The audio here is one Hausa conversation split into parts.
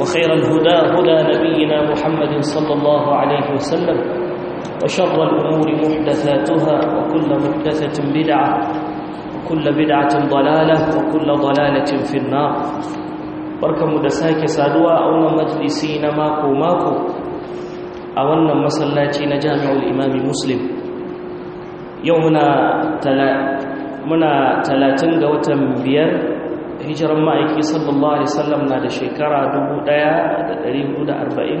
وخير الهدى هدى نبينا محمد صلى الله عليه وسلم وشر الأمور محدثاتها وكل محدثة بدعة وكل بدعة ضلالة وكل ضلالة في النار بركم دساك سادوا أولا مجلسين ماكو ماكو أولا مسلاتين جامع الإمام مسلم يومنا تلا منا تلاتنجا وتنبير hijiran ma'aiki sallallahu alaihi wasallam na da shekara 1440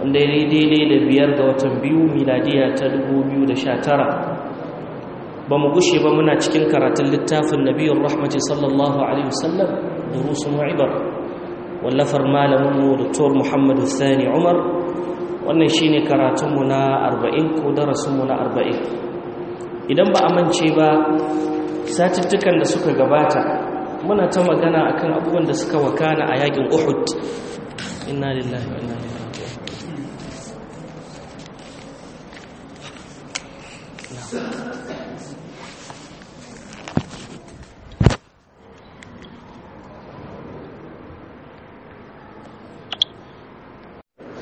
wanda ya daidai da biyar ga watan biyu miladiya ta 2019 ba mu gushe ba muna cikin karatun littafin nabiyun rahmati sallallahu alaihi wasallam durusun wa'ibar wallafar malaminmu doktor muhammadu Sani umar wannan shi ne karatunmu na 40 ko darasunmu na 40 idan ba amince ba satuttukan da suka gabata muna ta magana a kan abubuwan da suka wakana a yakin Uhud inna lillahi wa inna ilaihi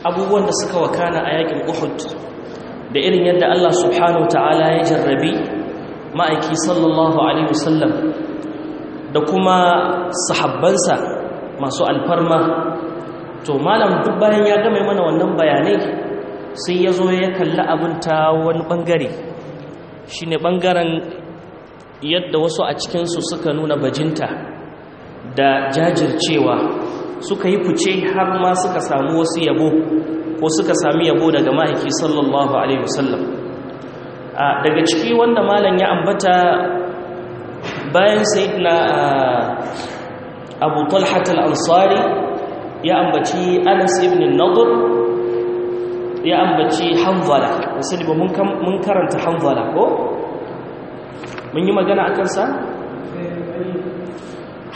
abubuwan da suka wakana a yakin Uhud da irin yadda Allah subhanahu wa ta'ala ya jarrabi ma'aiki sallallahu alaihi wasallam da kuma sahabbansa masu alfarma to malam duk bayan ya gama mana wannan bayanai sai ya zo ya kalli abin ta wani bangare shine bangaren yadda wasu a cikinsu suka nuna bajinta da jajircewa suka yi fice har ma suka samu wasu yabo ko suka sami yabo daga ma'aiki sallallahu alaihi wasallam daga ciki wanda malam ya ambata bayan sayyidina ah, abu talhat al-ansari ya ambaci anas ibn nadur ya ambaci hanzala wasu ba mun karanta hanzala ko mun yi magana a kansa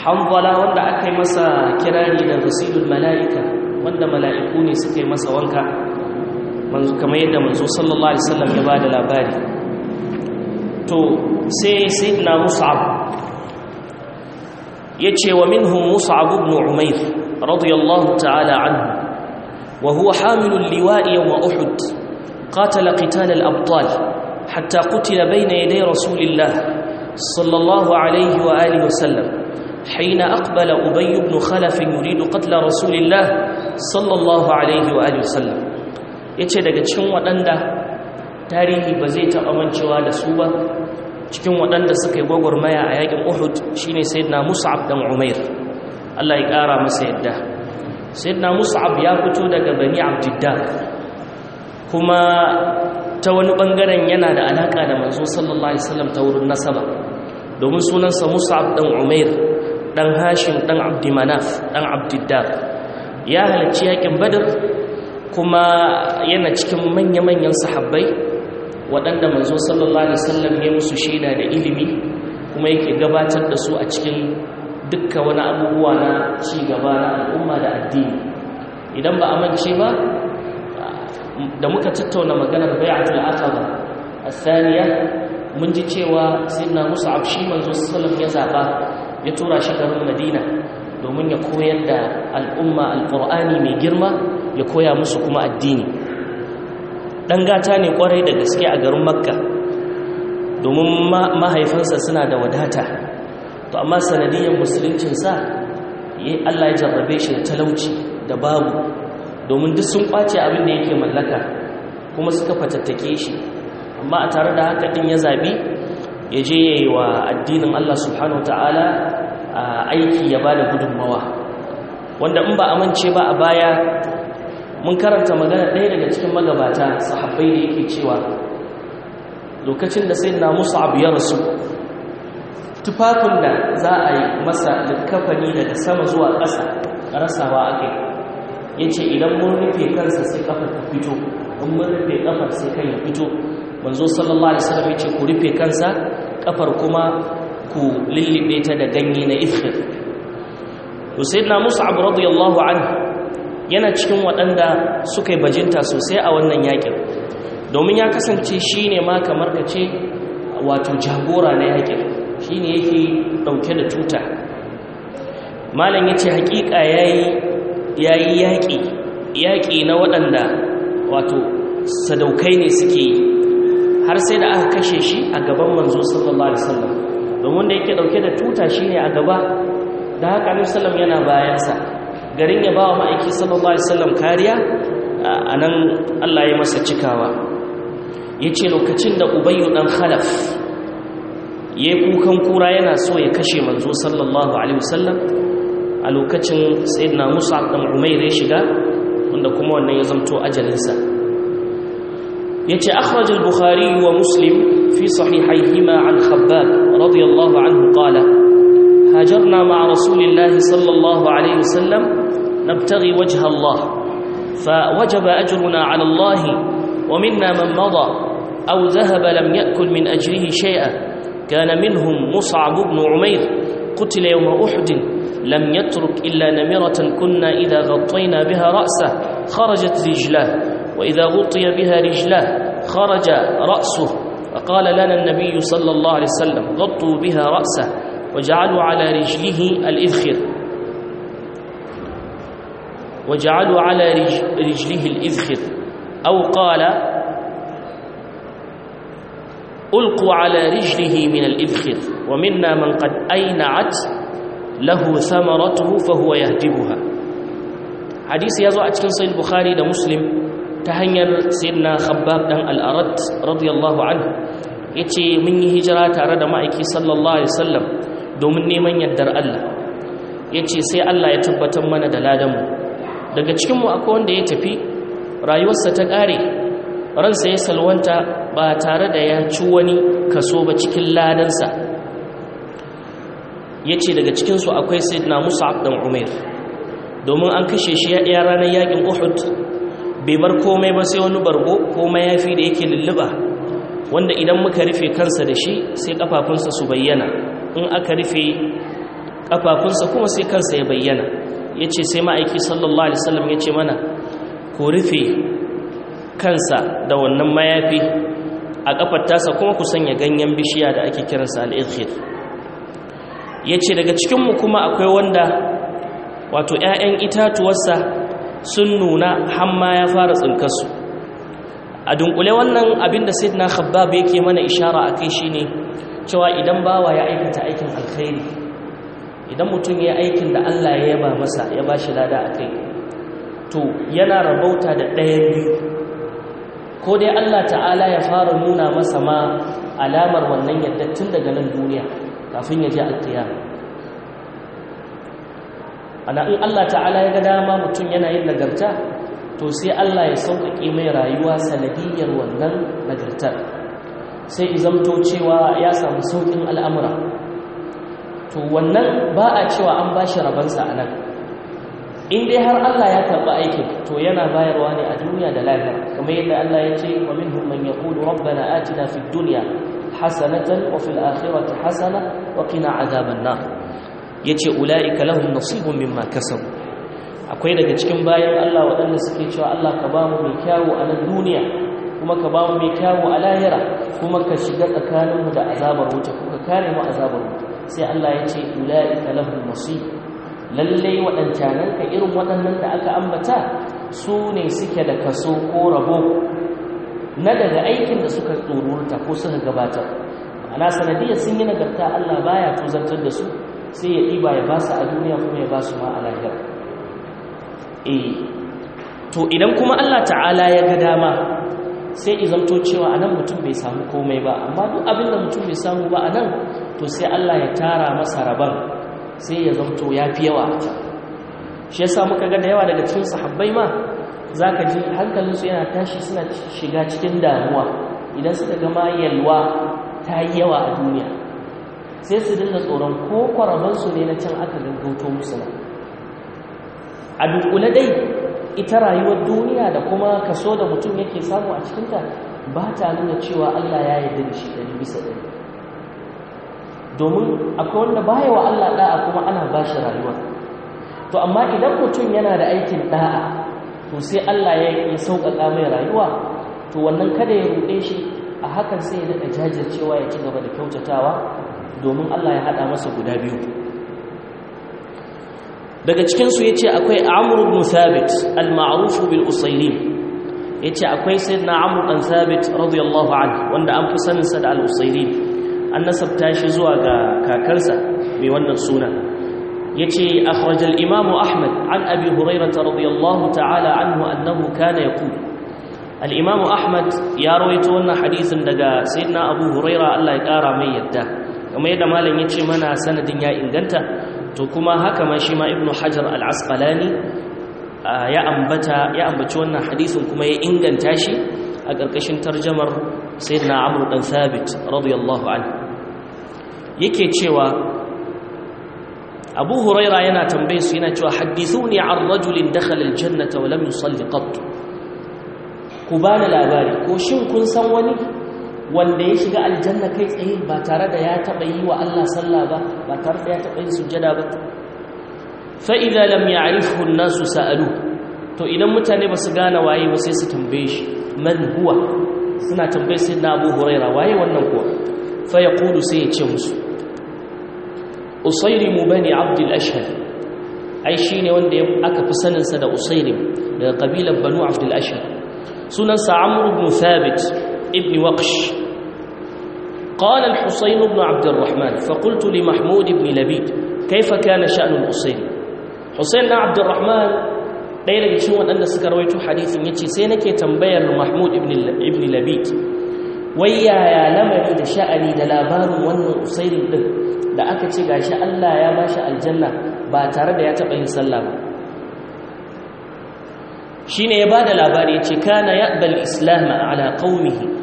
hanzala wanda aka yi masa kirari da rasidul mala'ika wanda mala'iku ne suka yi masa wanka kamar yadda manzo sallallahu alaihi wasallam ya ba da labari to sai sayyidina mus'ab yace wa minhum mus'ab ibn umayr radiyallahu ta'ala anhu wa huwa hamil al-liwa' yawm uhud qatala qital al-abtal hatta qutila bayna yaday rasulillah sallallahu alayhi wa alihi wa sallam حين أقبل أبي بن خلف يريد قتل رسول الله صلى الله عليه وآله وسلم يتشهد قد شنو أنده tarihi ba zai taɓa mancewa da su ba cikin waɗanda suka yi gwagwarmaya a yakin uhud shine na mus'ab Abdan umair Allah ya ƙara masa yadda sayyidina mus'ab ya fito daga bani abdidda kuma ta wani ɓangaren yana da alaƙa da manzo sallallahu alaihi wasallam ta wurin nasaba domin sunansa mus'ab ɗan umair ɗan hashim ɗan abdimanaf dan abdiddar ya halarci yakin badar, kuma yana cikin manya-manyan sahabbai waɗanda manzo sallallahu alaihi wasallam ya musu shaida da ilimi kuma yake gabatar da su a cikin dukkan wani abubuwa na ci gaba na al'umma da addini idan ba amince ba da muka tattauna maganar bai'atul aqaba الثانية mun ji cewa sirna musa'ab shi manzo sallam ya zaba ya tura shi garin madina domin ya koyar da al'umma alqur'ani mai girma ya koya musu kuma addini ɗan gata ne kwarai da gaske a garin makka domin mahaifinsa suna da wadata to amma sanadiyyar musuluncinsa yi allah ya jarrabe shi da talauci da babu domin duk sun kwace abin da yake mallaka kuma suka fatattake shi amma a tare da haka ɗin ya zabi ya je ya yi wa addinin allah subhanahu wa ta'ala aiki ya ba da gudunmawa wanda in ba amince ba a baya mun karanta magana ɗaya daga cikin magabata sahabbai da yake cewa lokacin da sai na musu abu ya rasu tufafin da za a yi masa likafani daga sama zuwa ƙasa rasawa ake ya ce idan mun rufe kansa sai kafar ka fito in mun rufe kafar sai kan ya fito manzo sallallahu alaihi wasallam ya ce ku rufe kansa ƙafar kuma ku lillibe ta da ganye na ifkhir to mus'ab radiyallahu anhu yana cikin waɗanda suka yi bajinta sosai a wannan yaƙin, domin ya kasance shi ne ma kamar ka ce wato jagora na yaƙin, shi ne yake ɗauke da tuta malam ya ce haƙiƙa ya yi yaƙi yaƙi na waɗanda wato sadaukai ne suke yi har sai da aka kashe shi a gaban manzo sallallahu alaihi wasallam domin da yake ɗauke da tuta shi ne a gaba da haka alaihi yana bayansa garin ya ba wa ma'aiki sallallahu alaihi wasallam kariya a nan Allah ya masa cikawa ya ce lokacin da ubayyu dan khalaf ya yi kukan kura yana so ya kashe manzo sallallahu alaihi wasallam a lokacin sayyidina musa dan umairu ya shiga wanda kuma wannan ya zamto ajalinsa ya ce akhraj al-bukhari wa muslim fi sahihayhima an khabbab radiyallahu anhu qala هاجرنا مع رسول الله صلى الله عليه وسلم نبتغي وجه الله فوجب أجرنا على الله ومنا من مضى أو ذهب لم يأكل من أجره شيئا كان منهم مصعب بن عمير قتل يوم أحد لم يترك إلا نمرة كنا إذا غطينا بها رأسه خرجت رجلاه وإذا غطي بها رجلاه خرج رأسه فقال لنا النبي صلى الله عليه وسلم غطوا بها رأسه وجعلوا على رجله الإذخر وجعلوا على رجله الإذخر أو قال ألقوا على رجله من الإذخر ومنا من قد أينعت له ثمرته فهو يهدبها حديث يزوء أتكن صحيح البخاري لمسلم تهنير سيدنا خباب دان الأرد رضي الله عنه ya ce mun yi hijira tare da ma'aiki sallallahu alaihi wasallam domin neman yardar Allah ya ce sai Allah ya tabbatar mana da ladanmu daga cikinmu akwai wanda ya tafi rayuwarsa ta ƙare ransa ya salwanta ba tare da ya ci wani kaso ba cikin ladansa ya ce daga cikinsu akwai sayyidina musa abdan umar domin an kashe shi ya ranar yakin uhud bai bar komai ba sai wani bargo ko mayafi da yake lulluba wanda idan muka rufe kansa da shi sai kafafunsa su bayyana in aka rufe kafafunsa kuma sai kansa ya bayyana ya ce sai ma'aiki sallallahu alaihi wasallam ya ce mana ku rufe kansa da wannan mayafi a kafar tasa kuma ku sanya ganyen bishiya da ake kiransa al'adhir ya ce daga cikinmu kuma akwai wanda wato 'ya'yan itatuwarsa sun nuna hamma ya fara tsinkarsu a dunkule wannan abin da sayyidina khabbab yake mana ishara akai shine cewa idan bawa ya aikata aikin alkhairi idan mutum ya aikin da Allah ya yaba masa ya ba shi lada akai to yana rabauta da ɗayan biyu ko dai Allah ta'ala ya fara nuna masa ma alamar wannan yadda tun daga nan duniya kafin ya je alkhiyar ana in Allah ta'ala ya ga dama mutum yana yin nagarta to sai Allah ya sauƙaƙe mai rayuwa sanadiyyar wannan nagartar sai izamto cewa ya samu sauƙin al'amura to wannan ba a cewa an ba shi rabansa a nan in dai har Allah ya taɓa aikin to yana bayarwa ne a duniya da lahira kamar yadda Allah ya ce wa minhum man yaqulu rabbana atina fid dunya hasanatan wa fil akhirati hasana wa qina adhaban nar yace ulaika lahum nasibun mimma kasabu akwai daga cikin bayan Allah waɗanda suke cewa Allah ka ba mu mai kyawu a nan duniya kuma ka ba mu mai kyawu a lahira kuma ka shiga tsakaninmu da azabar wuta ko ka kare mu azabar wuta sai Allah ya ce ula'ika lahum nasib lallai waɗancanan ka irin waɗannan da aka ambata su ne suke da kaso ko rabo na daga aikin da suka tsorurta ko suka gabatar ana sanadiyar sun yi nagarta Allah baya tuzantar da su sai ya ɗiba ya ba su a duniya kuma ya ba su ma a lahira eh to idan kuma Allah ta'ala ya ga dama sai zamto cewa anan mutum bai samu komai ba amma duk abin da mutum bai samu ba anan to sai Allah ya tara masa rabon sai ya zamto ya fi yawa a can shi yasa muka ga da yawa daga cikin sahabbai ma zaka ji hankalinsu yana tashi suna shiga cikin damuwa idan suka ga ma yalwa ta yi yawa a duniya sai su dinga tsoron ko kwarabansu ne na can aka gaggauto musu na a dunkule dai ita rayuwar duniya da kuma kaso da mutum yake samu a cikinta ba ta nuna cewa Allah ya yarda da shi ɗari bisa ɗari domin akwai wanda ba wa Allah ɗa'a kuma ana ba shi rayuwa to amma idan mutum yana da aikin ɗa'a to sai Allah ya yi sauƙaƙa mai rayuwa to wannan kada ya ruɗe shi a hakan sai ya daɗa jajircewa ya ci gaba da kyautatawa domin Allah ya haɗa masa guda biyu daga cikinsu ya ce akwai amur ibn thabit al-ma'rufu bil ya ce akwai sayyidina amur ibn sabit radiyallahu anhu wanda an fi saninsa da al-usairim an nasabta shi zuwa ga kakarsa mai wannan suna ya ce akhraj al-imam ahmad an abi hurairah radiyallahu ta'ala anhu annahu kana yaqul al-imam ahmad ya rawaito wannan hadisin daga sayyidina abu hurairah Allah ya kara mai yadda kamar yadda malam ya ce mana sanadin ya inganta to kuma haka ma shi ma ibnu hajar al-asqalani ya ambata ya ambaci wannan hadisin kuma ya inganta shi a ƙarƙashin tarjamar sayyidina amr dan thabit radiyallahu anhu yake cewa abu huraira yana tambaye su yana cewa hadithuni an rajulin dakhala jannata wa lam yusalli qatt ku bani labari ko shin kun san wani wanda ya shiga aljanna kai tsaye ba tare da ya taɓa yi wa Allah sallah ba ba tare da ya taɓa yin sujjada ba fa'iza lam ya'rifu an-nasu sa'alu to idan mutane ba su gane waye ba sai su tambaye shi man huwa suna tambaye sai na Abu Huraira waye wannan kuwa fa yaqulu sai ya ce musu usayrim bani abd al-ashhad ai shine wanda aka fi saninsa da usayrim daga kabilar banu abd al-ashhad sunan sa amr ibn thabit ابن وقش قال الحسين بن عبد الرحمن فقلت لمحمود بن لبيد كيف كان شأن الحسين حسين بن عبد الرحمن ɗaya daga cikin waɗanda suka rawaito hadisin ya ce sai nake tambayar mahmud ibn labid wai yaya lamari da sha'ani da labarin wannan usairin ɗin da aka ce gashi allah ya ba shi aljanna ba tare da ya taɓa yin sallah ba shi ne ya ba da labari ya ce kana ya ɗal islam ala ƙaunihi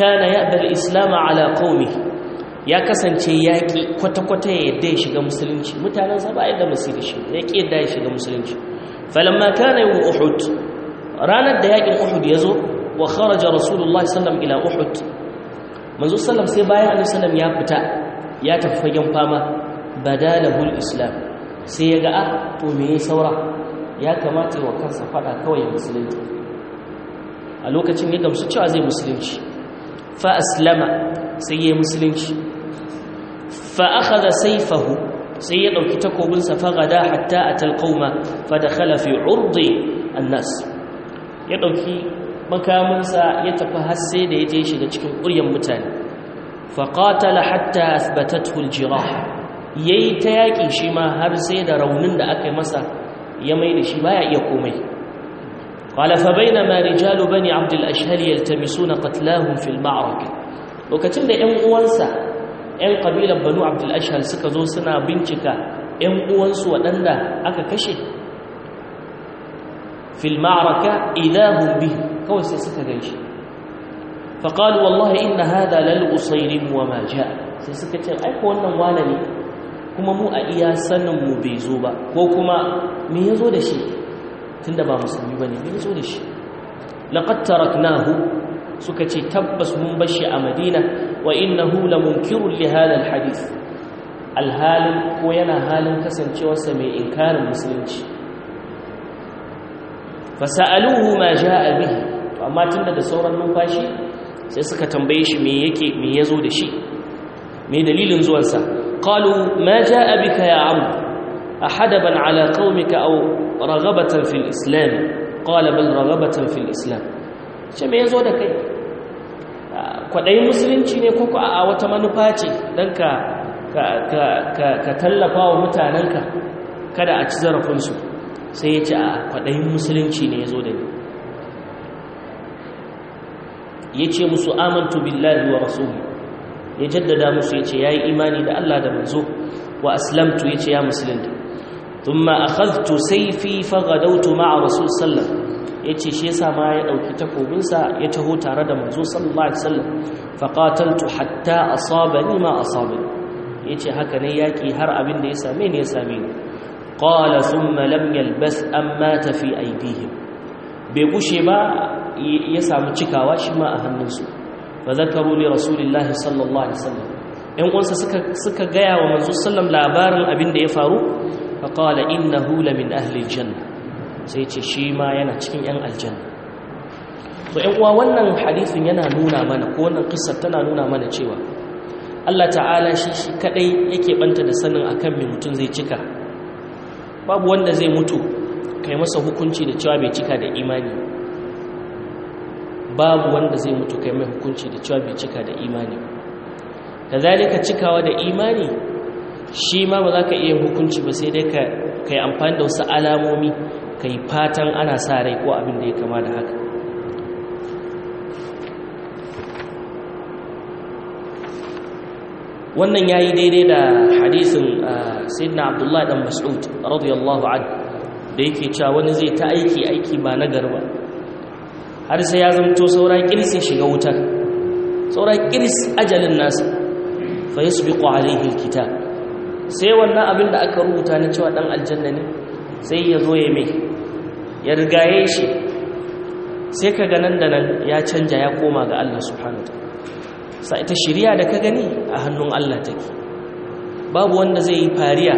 kana ya islam ala qaumi ya kasance yaki kwata-kwata ya yadda ya shiga musulunci mutanen sa ba yadda musu da shi ya ki yadda ya shiga musulunci falamma kana yawm uhud ranar da yakin uhud yazo wa kharaja rasulullahi sallam ila uhud manzo sallam sai bayan annabi sallam ya fita ya tafi fagen fama badalahul islam sai ya ga a ah, to me saura ya kamata wa kansa fada kawai musulunci a lokacin ya gamsu cewa zai musulunci fa aslama sai ya musulunci fa akhadha sayfahu sai ya ɗauki takobin sa fa gada hatta atal qauma fa dakhala fi urdi annas ya ɗauki makamin ya tafi har sai da ya je shiga cikin ƙuryan mutane fa hatta athbatathu al Ya yayi ta yaƙi shi ma har sai da raunin da aka yi masa ya mai da shi baya iya komai قال فبينما رجال بني عبد الأشهل يلتمسون قتلاهم في المعركة وكتن دا ƴan uwansa 'yan kabilar Banu Abdul Ashhal suka zo suna bincika 'yan uwansu waɗanda aka kashe fil ma'araka idahum bihi kawai sai suka gaishe fa qalu wallahi inna hadha lal usayrim wa ma sai suka ce ai wannan wala ne kuma mu a iya sanin mu bai zo ba ko kuma me yazo da shi tunda ba musulmi bane ne zo da shi laqad taraknahu suka ce tabbas mun bashi a madina wa innahu lamunkirun li hadha alhadith alhalin ko yana halin kasancewarsa mai inkarin musulunci fasaluhu ma jaa bihi to amma tunda da sauran numfashi sai suka tambaye shi me yake me yazo da shi me dalilin zuwansa qalu ma jaa bika ya amr أحدبا على قومك أو رغبة في الإسلام قال بل رغبة في الإسلام شما da kai? kwaɗayin musulunci ne ko a wata manufa ce don ka tallafa wa mutanenka kada a ci zarafin su. sai ya ce a kwaɗayin musulunci ne ya zo da ni ya ce musu amantu billahi wa Rasuli ya jaddada musu ya ce ya yi imani da Allah da manzo wa aslamtu ya ce ya musulunta thumma akhadhtu sayfi faghadawtu ma'a rasul sallallahu alaihi yace shi yasa ma ya dauki takobinsa ya taho tare da manzo sallallahu alaihi wasallam faqataltu hatta asabani ma asabani yace haka ne yaki har abin da ya same ni ya same ni qala thumma lam yalbas amma ta fi aydihim bai gushe ba ya samu cikawa shi ma a hannunsu fa zakaru li rasulillahi sallallahu alaihi wasallam yan uwansa suka suka gaya wa manzo sallam labarin abin da ya faru fa qala innahu la min ahli janna sai ce shi ma yana cikin yan aljanna to yan uwa wannan hadisin yana nuna mana ko wannan kissa tana nuna mana cewa Allah ta'ala shi shi kadai yake banta da sanin akan me mutum zai cika babu wanda zai mutu kai masa hukunci da cewa bai cika da imani babu wanda zai mutu kai mai hukunci da cewa bai cika da imani kazalika cikawa da imani shi ma ba za ka iya hukunci ba sai dai ka yi amfani da wasu alamomi ka yi fatan ana sa rai ko abin da ya kama da haka wannan ya yi daidai da hadisin ah, sidna abdullahi dan mas'ud radiyallahu an da yake cewa wani zai ta aiki aiki ba na garba har sai ya zamto saura kirsi shiga wutar saura kirsi ajalin nasa fa yasbiqu alayhi alkitab sai wannan abin da aka rubuta na cewa dan aljanna ne sai ya zo ya mai ya rigaye shi sai ka nan da nan ya canja ya koma ga Allah subhanahu wataala sai ta shari'a da ka gani a hannun Allah take babu wanda zai yi fariya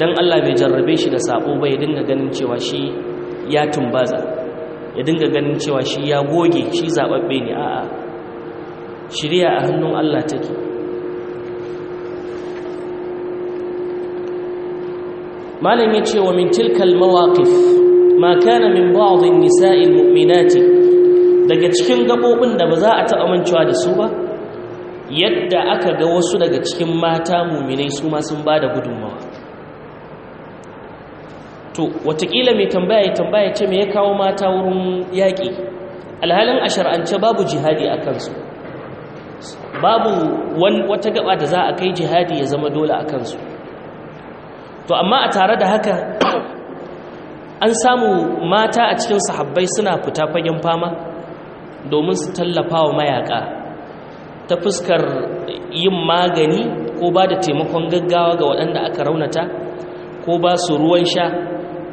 dan Allah bai jarrabe shi da sabo bai dinga ganin cewa shi ya tumbaza ya dinga ganin cewa shi ya goge shi zababbe ne a'a shari'a a hannun Allah take malam ya ce wa min tilkal mawaqif ma kana min ba'd nisa'il mu'minati daga cikin gabobin da ba za a taɓa mancewa da su ba yadda aka ga wasu daga cikin mata muminai su ma sun bada gudunmawa to watakila mai tambaya ya tambaya ce me ya kawo mata wurin yaƙi alhalin a shar'ance babu jihadi a kansu babu wata gaba da za a kai jihadi ya zama dole a kansu to amma a tare da haka an samu mata a cikin sahabbai suna fita fagen fama domin su tallafa wa mayaka ta fuskar yin magani ko ba da taimakon gaggawa ga waɗanda aka raunata ko ba su ruwan sha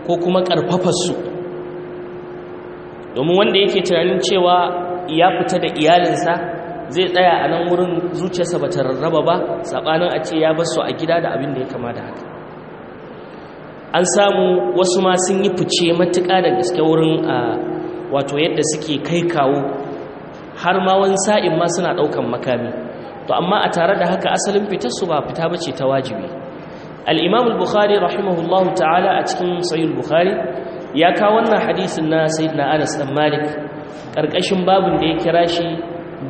ko kuma su. domin wanda yake tunanin cewa ya fita da iyalinsa zai tsaya a nan wurin zuciyarsa ba ta rarraba ba saɓanin a ce ya basu a gida da abin da ya kama da haka an samu wasu ma sun yi fice matuka da gaske wurin a wato yadda suke kai kawo har ma wani sa'in ma suna ɗaukan makami to amma a tare da haka asalin su ba fita bace ta wajibi al-imam al-bukhari rahimahullahu ta'ala a cikin sahih al-bukhari ya kawo wannan hadisin na sayyidina Anas dan Malik karkashin babin da ya kira shi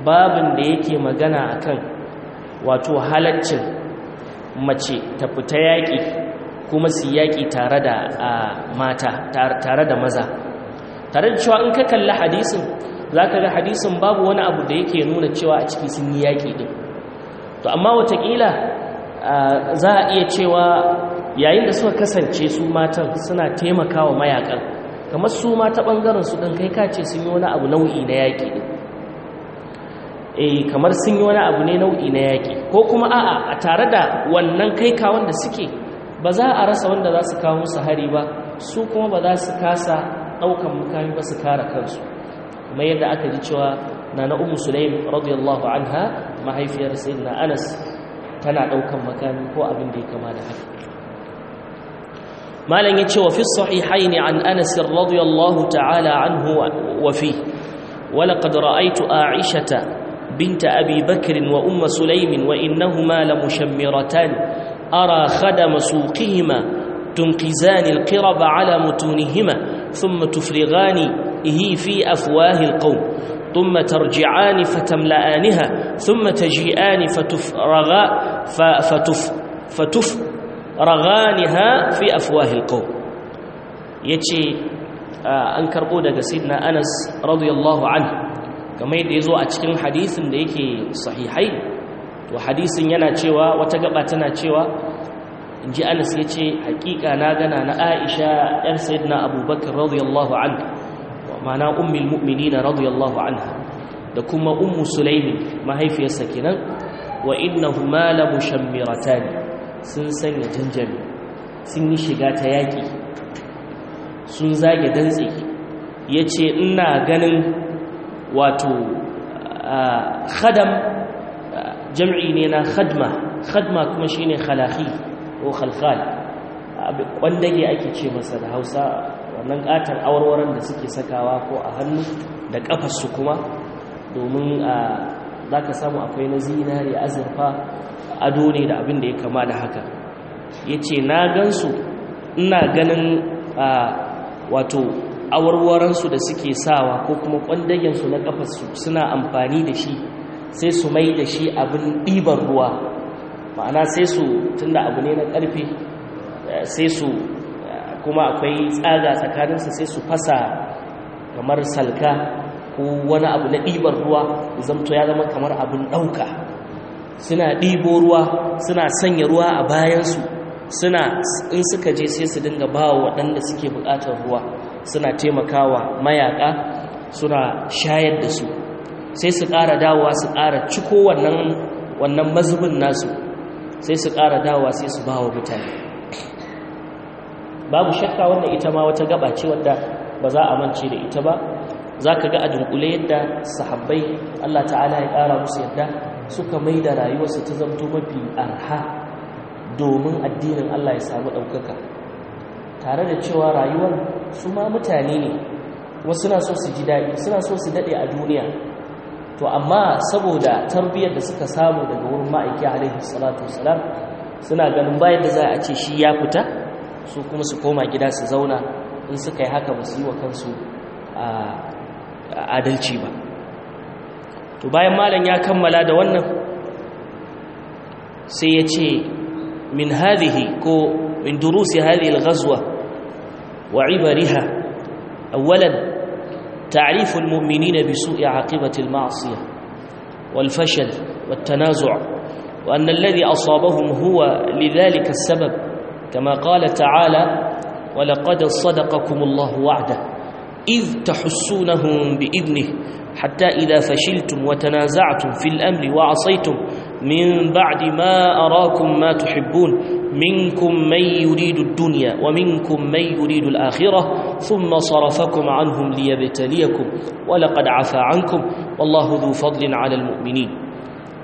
babin da yake magana akan wato halaccin mace ta fita yaƙi kuma su yaƙi tare da mata tare da maza tare da cewa in ka kalli hadisin za ka ga hadisin babu wani abu da yake nuna cewa a ciki sun yi yaƙi ɗin to amma watakila za a iya cewa yayin da suka kasance su matan suna taimakawa mayakan kamar su ma ta ɓangaren su ɗin kai kace sun yi wani abu nau'i na yaƙi ɗin eh kamar sun yi wani abu ne nau'i na yaƙi ko kuma a'a a tare da wannan kai kawon da suke ba za a rasa wanda za su kawo musu hari ba su kuma ba za su kasa ɗaukan mukami ba su kara kansu kuma yadda aka ji cewa na na umu sulaim radiyallahu anha mahaifiyar sayyidina anas tana ɗaukan makami ko abin da ya kama da haka malam yace wa fi sahihain an anas radiyallahu ta'ala anhu wa fi ولقد رأيت عائشة بنت أبي بكر وأم سليم وإنهما لمشمرتان أرى خدم سوقهما تنقذان القرب على متونهما ثم تفرغان هي إهِ في أفواه القوم ثم ترجعان فتملأنها ثم تجيئان فتفرغا فتف فتفرغانها في أفواه القوم يتي آه، أنكر بودا سيدنا أنس رضي الله عنه كما يدعي زوء أتكلم حديث ليكي صحيحين to hadisin yana cewa wata gaba tana cewa inji Anas yace hakika na gana na Aisha yar sayyidina Abubakar radiyallahu anhu wa mana ummul radiyallahu anha da kuma ummu Sulaimi mahaifiyarsa kenan wa innahuma la mushammiratan sun sanya janjami sun yi shiga ta yaki sun zage dantse yace ina ganin wato khadam jam'i ne na khadma khadma kuma shine khalaqi ko khalqal ƙwandage ake ce masa da Hausa wannan katar awarwaran da suke sakawa ko a hannu da kafarsu kuma domin a zaka samu akwai na zinari azurfa ado ne da abin da ya kama da haka yace na gansu ina ganin a wato awarwaransu da suke sawa ko kuma ƙwandagensu na kafarsu suna amfani da shi sai su mai da shi abin ɗiban ruwa ma'ana sai su tunda abu ne na ƙarfi eh, sai su eh, kuma akwai tsaga tsakaninsu sai su fasa kamar salka ko wani abu na ɗiban ruwa zamto ya zama kamar abin ɗauka suna ɗibo ruwa suna sanya ruwa a bayansu suna in suka je sai su dinga ba wa waɗanda suke buƙatar ruwa suna taimakawa mayaƙa suna shayar da su sai su ƙara dawowa su ƙara ciko wannan mazubin nasu sai su ƙara dawowa sai su bawa mutane babu shakka wannan ita ma wata gaba ce wadda ba za a mance da ita ba za ka ga a dunkule yadda sahabbai Allah ta'ala ya ƙara musu yadda suka mai da rayuwarsu ta zamto mafi arha domin addinin Allah ya samu ɗaukaka tare da cewa rayuwar su ma mutane ne wasu na so su ji daɗi suna so su daɗe a duniya to amma saboda tarbiyyar da suka samu daga wurin ma'aiki alaihi salatu wasalam suna ganin bayan da za a ce shi ya fita su kuma su koma gida su zauna in suka yi haka ba su yi wa kansu adalci ba to bayan malam ya kammala da wannan sai ya ce min hadhihi ko min durusi hadhihi al-ghazwa wa ibariha awwalan تعريف المؤمنين بسوء عاقبة المعصية والفشل والتنازع وأن الذي أصابهم هو لذلك السبب كما قال تعالى ولقد صدقكم الله وعده إذ تحسونهم بإذنه حتى إذا فشلتم وتنازعتم في الأمر وعصيتم من بعد ما أراكم ما تحبون منكم من يريد الدنيا ومنكم من يريد الآخرة ثم صرفكم عنهم ليبتليكم ولقد عفى عنكم والله ذو فضل على المؤمنين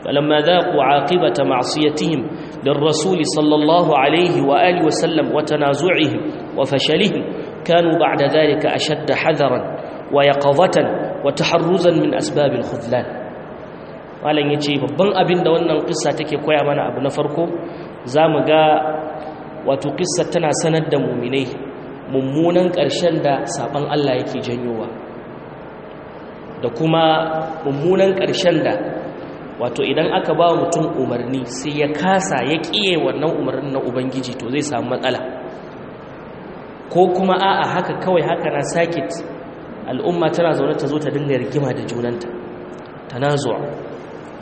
فلما ذاقوا عاقبة معصيتهم للرسول صلى الله عليه وآله وسلم وتنازعهم وفشلهم كانوا بعد ذلك أشد حذرا ويقظة وتحرزا من أسباب الخذلان malam ya ce babban abin da wannan kissa take koya mana abu na farko za mu ga wato kissa tana sanar da muminai mummunan ƙarshen da saɓan allah yake janyowa da kuma mummunan ƙarshen da wato idan aka ba mutum umarni sai ya kasa ya ƙiye wannan umarnin na ubangiji to zai samu matsala ko kuma a'a haka kawai haka na sakit al'umma tana zaune ta zo ta dinga rigima da junanta tana zuwa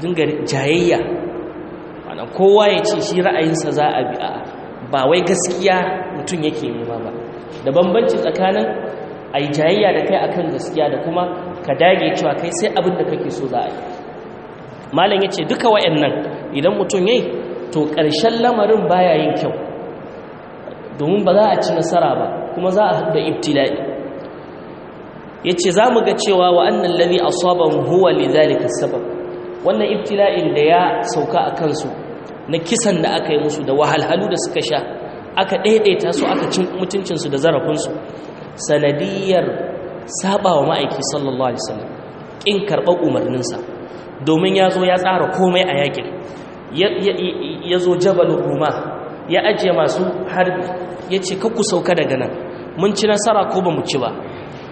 dinga jayayya wannan kowa ya ce shi ra'ayinsa za a bi a ba wai gaskiya mutum yake nema ba da bambanci tsakanin a jayayya da kai akan gaskiya da kuma ka dage cewa kai sai abin da kake so za a yi malam ya ce duka wa'annan idan mutum ya yi to ƙarshen lamarin baya yin kyau domin ba za a ci nasara ba kuma za a haɗa ibtila'i ya ce za mu ga cewa wa'annan lalli a sabon huwa lizalika sabab wannan ibtila'in da ya sauka a kansu na kisan da aka yi musu da wahalhalu da suka sha aka ɗaiɗaita su aka cin mutuncinsu da zarafinsu sanadiyar saba wa ma'aiki sallallahu alaihi wasallam ƙin karɓar umarninsa domin ya zo ya tsara komai a yakin ya zo jabal ruma ya ajiye masu harbi ya ce ku sauka daga nan mun ci nasara ko ba mu ci ba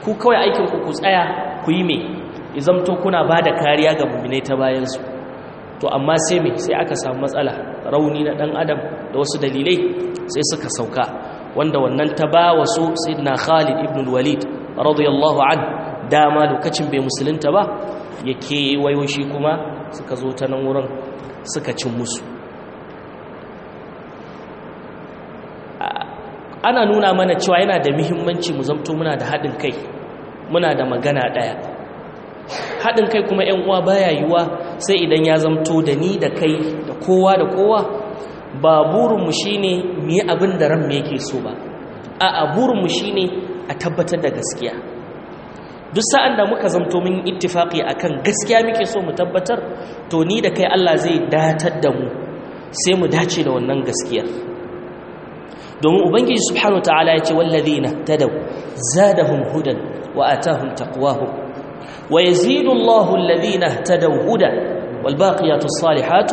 ku kawai aikinku ku tsaya ku yi mai izamto kuna ba da kariya ga mummune ta bayansu to amma sai mai sai aka samu matsala rauni na ɗan adam da wasu dalilai sai suka sauka wanda wannan ta ba wa su na khalid ibn walid radiyallahu an dama lokacin bai musulunta ba ya wayo shi kuma suka zo ta nan wurin suka cin musu ana nuna mana cewa yana da muhimmanci mu zamto muna da haɗin kai muna da magana ɗaya haɗin kai kuma ‘yan uwa baya yiwuwa sai idan ya zamto da ni da kai da kowa da kowa ba burinmu shi ne mu yi abin da ranmu yake so ba a burinmu shi ne a tabbatar da gaskiya duk sa'an da muka zamto ittifaƙi a akan gaskiya muke so mu tabbatar to ni da kai Allah zai datar da mu sai mu dace da wannan gaskiyar domin ubangiji subhanahu ta'ala ya ce wallazina tadaw zadahum hudan wa atahum taqwahum ويزيد الله الذين اهتدوا هدى والباقيات الصالحات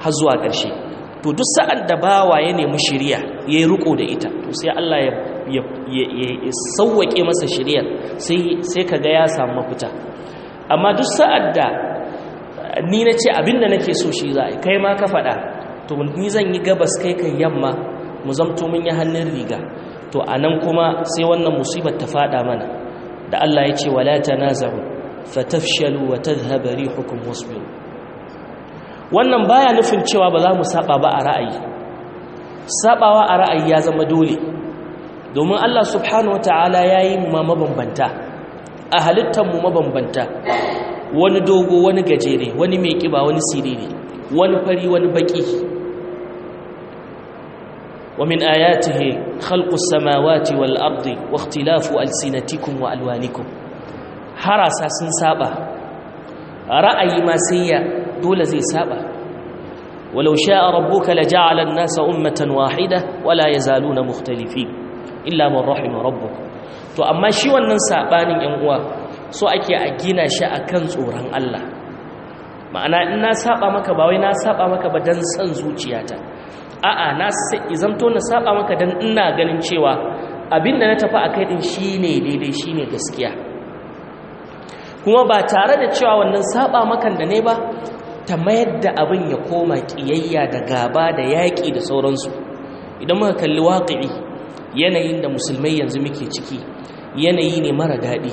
حزوا قرشي to duk sa'an da bawa ya nemi shiriya ya yi da ita to sai Allah ya sauwake masa shiriyar sai ka ga ya samu mafita amma duk sa'ad da ni na ce abin da nake so shi za kai ma ka faɗa to ni zan yi gabas kai kan yamma mu zamto mun yi hannun riga to a nan kuma sai wannan musibar ta faɗa mana da Allah ya ce wala tanazahu fatafshalu wa tadhhab rihukum wasbiru wannan baya nufin cewa ba za mu saba ba a ra'ayi sabawa a ra'ayi ya zama dole domin Allah subhanahu wataala yayi mu mabambanta a halittar mu mabambanta wani dogo wani gajere wani mai kiba wani siriri wani fari wani baki ومن آياته خلق السماوات والأرض واختلاف ألسنتكم وألوانكم حرس سنسابة رأي ما سيا دول زي سابة ولو شاء ربك لجعل الناس أمة واحدة ولا يزالون مختلفين إلا من رحم ربك to amma shi wannan sabanin yan uwa so ake a gina shi akan tsoron Allah ma'ana in na saba maka ba wai na saba maka ba dan san zuciyata a'a na izamto na saba maka dan ina ganin cewa abin da na tafi a kai din shine daidai shine gaskiya kuma ba tare da cewa wannan saba makan da ne ba ta mayar da abin ya koma kiyayya da gaba da yaƙi da sauransu idan muka kalli waqi'i yanayin da musulmai yanzu muke ciki yanayi ne mara daɗi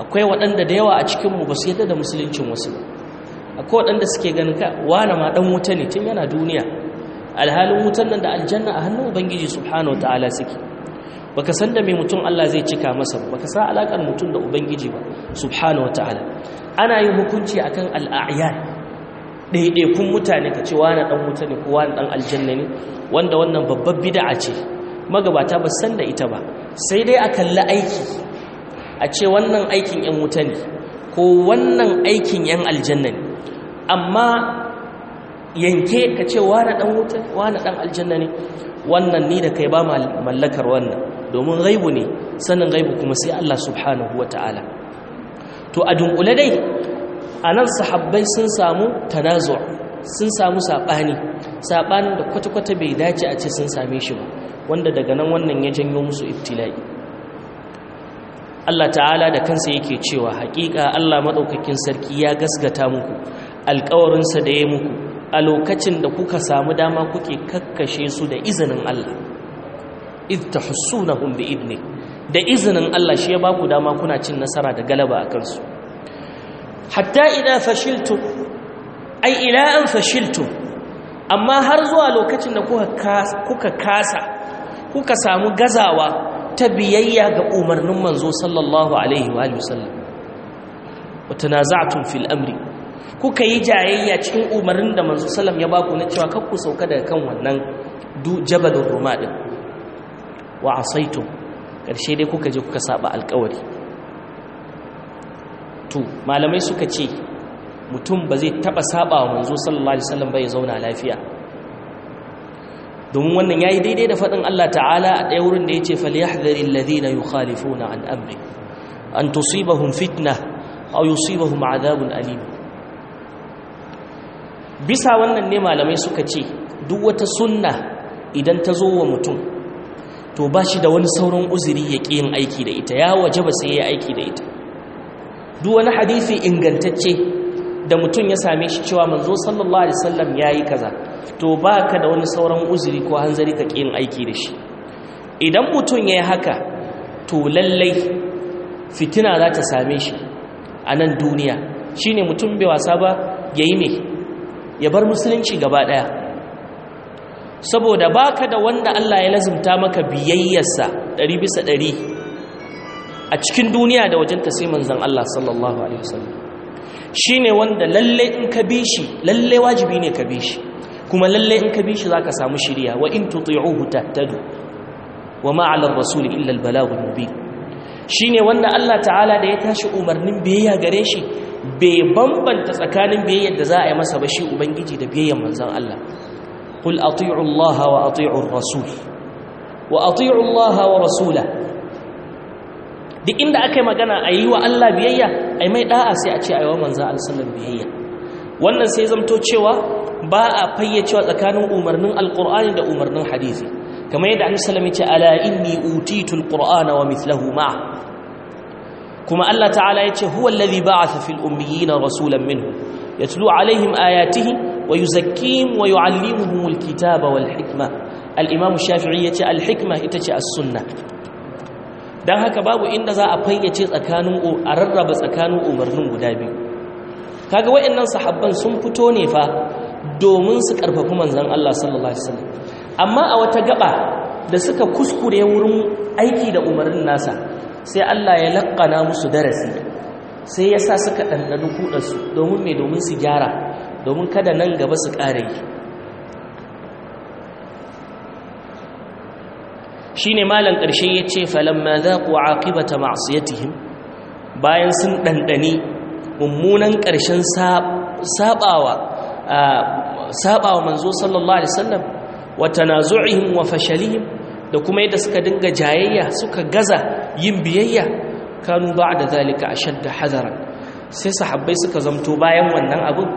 akwai waɗanda da yawa a cikinmu ba su yadda da musuluncin wasu akwai waɗanda suke ganin ka wani ma ɗan wuta ne tun yana duniya alhalin wutan nan da aljanna a hannun ubangiji subhanahu wataala suke baka san da mai mutum Allah zai cika masa baka sa alakar mutum da ubangiji ba subhanahu wataala ana yin hukunci akan al'ayan kun mutane ka ce wani ɗan wuta ne ko wani ɗan aljanna ne wanda wannan babbar bida'a ce magabata ba san da ita ba sai dai a kalli aiki a ce wannan aikin 'yan wuta ne ko wannan aikin 'yan aljanna ne amma yanke ka ce wane dan wuta wani dan aljanna ne wannan ni da kai ba mallakar wannan domin gaibu ne sanin gaibu kuma sai Allah subhanahu wataala to a dunkule dai anan sahabbai sun samu tanazu sun samu sabani sabanin da kwata-kwata bai dace a ce sun same shi ba wanda daga nan wannan ya janyo musu ibtila'i Allah ta'ala da kansa yake cewa haƙiƙa Allah madaukakin sarki ya gasgata muku alƙawarinsa da ya muku a lokacin da kuka samu dama kuke kakkashe su da izinin Allah id tahsunahum bi idni da izinin Allah shi ya ba ku dama kuna cin nasara da galaba a kansu hatta ina fashiltu ai ila an fashiltu amma har zuwa lokacin da kuka kasa kuka samu gazawa ta biyayya ga umarnin manzo sallallahu alaihi wa sallam wa tanaza'tum fil amri kuka yi jayayya cikin umarni da manzo sallam ya baku na cewa kakku sauka daga kan wannan du jabalur ruma din wa asaitum karshe dai kuka je kuka saba alƙawari to malamai suka ce mutum ba zai taba saba wa manzo sallallahu alaihi wasallam ba ya zauna lafiya domin wannan yayi daidai da fadin Allah ta'ala a ɗaya wurin da yace falyahdharil ladina yukhalifuna an amri an tusibahum fitna aw yusibahum adhabun alim bisa wannan ne malamai suka ce duk wata sunna idan ta zo wa mutum to ba shi da wani sauran uzuri ya ƙi yin aiki da ita ya waje ba sai ya aiki da ita duk wani hadisi ingantacce da mutum ya same shi cewa manzo sallallahu alaihi wasallam yayi kaza to ba ka da wani sauran uzuri ko hanzari ka yin aiki da shi idan mutum ya yi haka to lallai fitina za ta same shi a nan duniya shine mutum bai wasa ba ya yi mai. ya bar musulunci gaba ɗaya saboda baka da wanda Allah ya lazumta maka biyayyarsa ɗari ɗari a cikin duniya da wajenta sai manzan Allah sallallahu alaihi wasallam shi ne wanda lalle in ka bi shi lalle wajibi ne ka bi shi kuma lalle in ka bi shi za ka samu shirya wa in tuti'uhu tahtadu wa ma'alar rasul illa al-balagh mubin shine wanda Allah ta'ala da ya tashi umarnin biyayya gare shi bai bambanta tsakanin biyayyar da za a yi masa ba shi ubangiji da biyayyar manzan Allah qul ati'u Allah wa ati'u rasul wa ati'u Allah wa rasula duk inda aka yi magana a yi wa Allah biyayya ai mai da'a sai a ce a yi wa manzan Allah sallallahu biyayya wannan sai zamto cewa ba a fayyacewa tsakanin umarnin alqur'ani da umarnin hadisi kamar yadda annabi sallallahu alaihi wasallam ya ce ala inni utitul qur'ana wa mithluhu ma'a kuma Allah ta'ala ya ce huwa alladhi ba'atha fil ummiyina rasulan minhum yatlu alaihim ayatihi wa yuzakkihim wa yu'allimuhum alkitaba wal hikma al-imam shafi'i ya ce al-hikma ita ce as-sunnah dan haka babu inda za a fayyace tsakanin a rarraba tsakanin umarnin guda biyu kaga wayannan sahabban sun fito ne fa domin su karfafi manzon Allah sallallahu alaihi wasallam amma a wata gaba da suka kuskure wurin aiki da umarnin nasa sai Allah ya laƙana musu darasi sai ya sa suka ɗanɗani kuɗansu domin mai domin su gyara domin kada nan gaba su ƙare yi shi ne malan ƙarshe ya ce falamma za ku aƙibata ma'asiyatihim bayan sun ɗanɗani mummunan ƙarshen saɓawa manzo sallallahu alaihi wasallam wa tanazu'ihim wa fashalihim da kuma yadda suka dinga jayayya suka gaza yin biyayya kanu ba da zalika a shadda hazara sai sahabbai suka zamto bayan wannan abin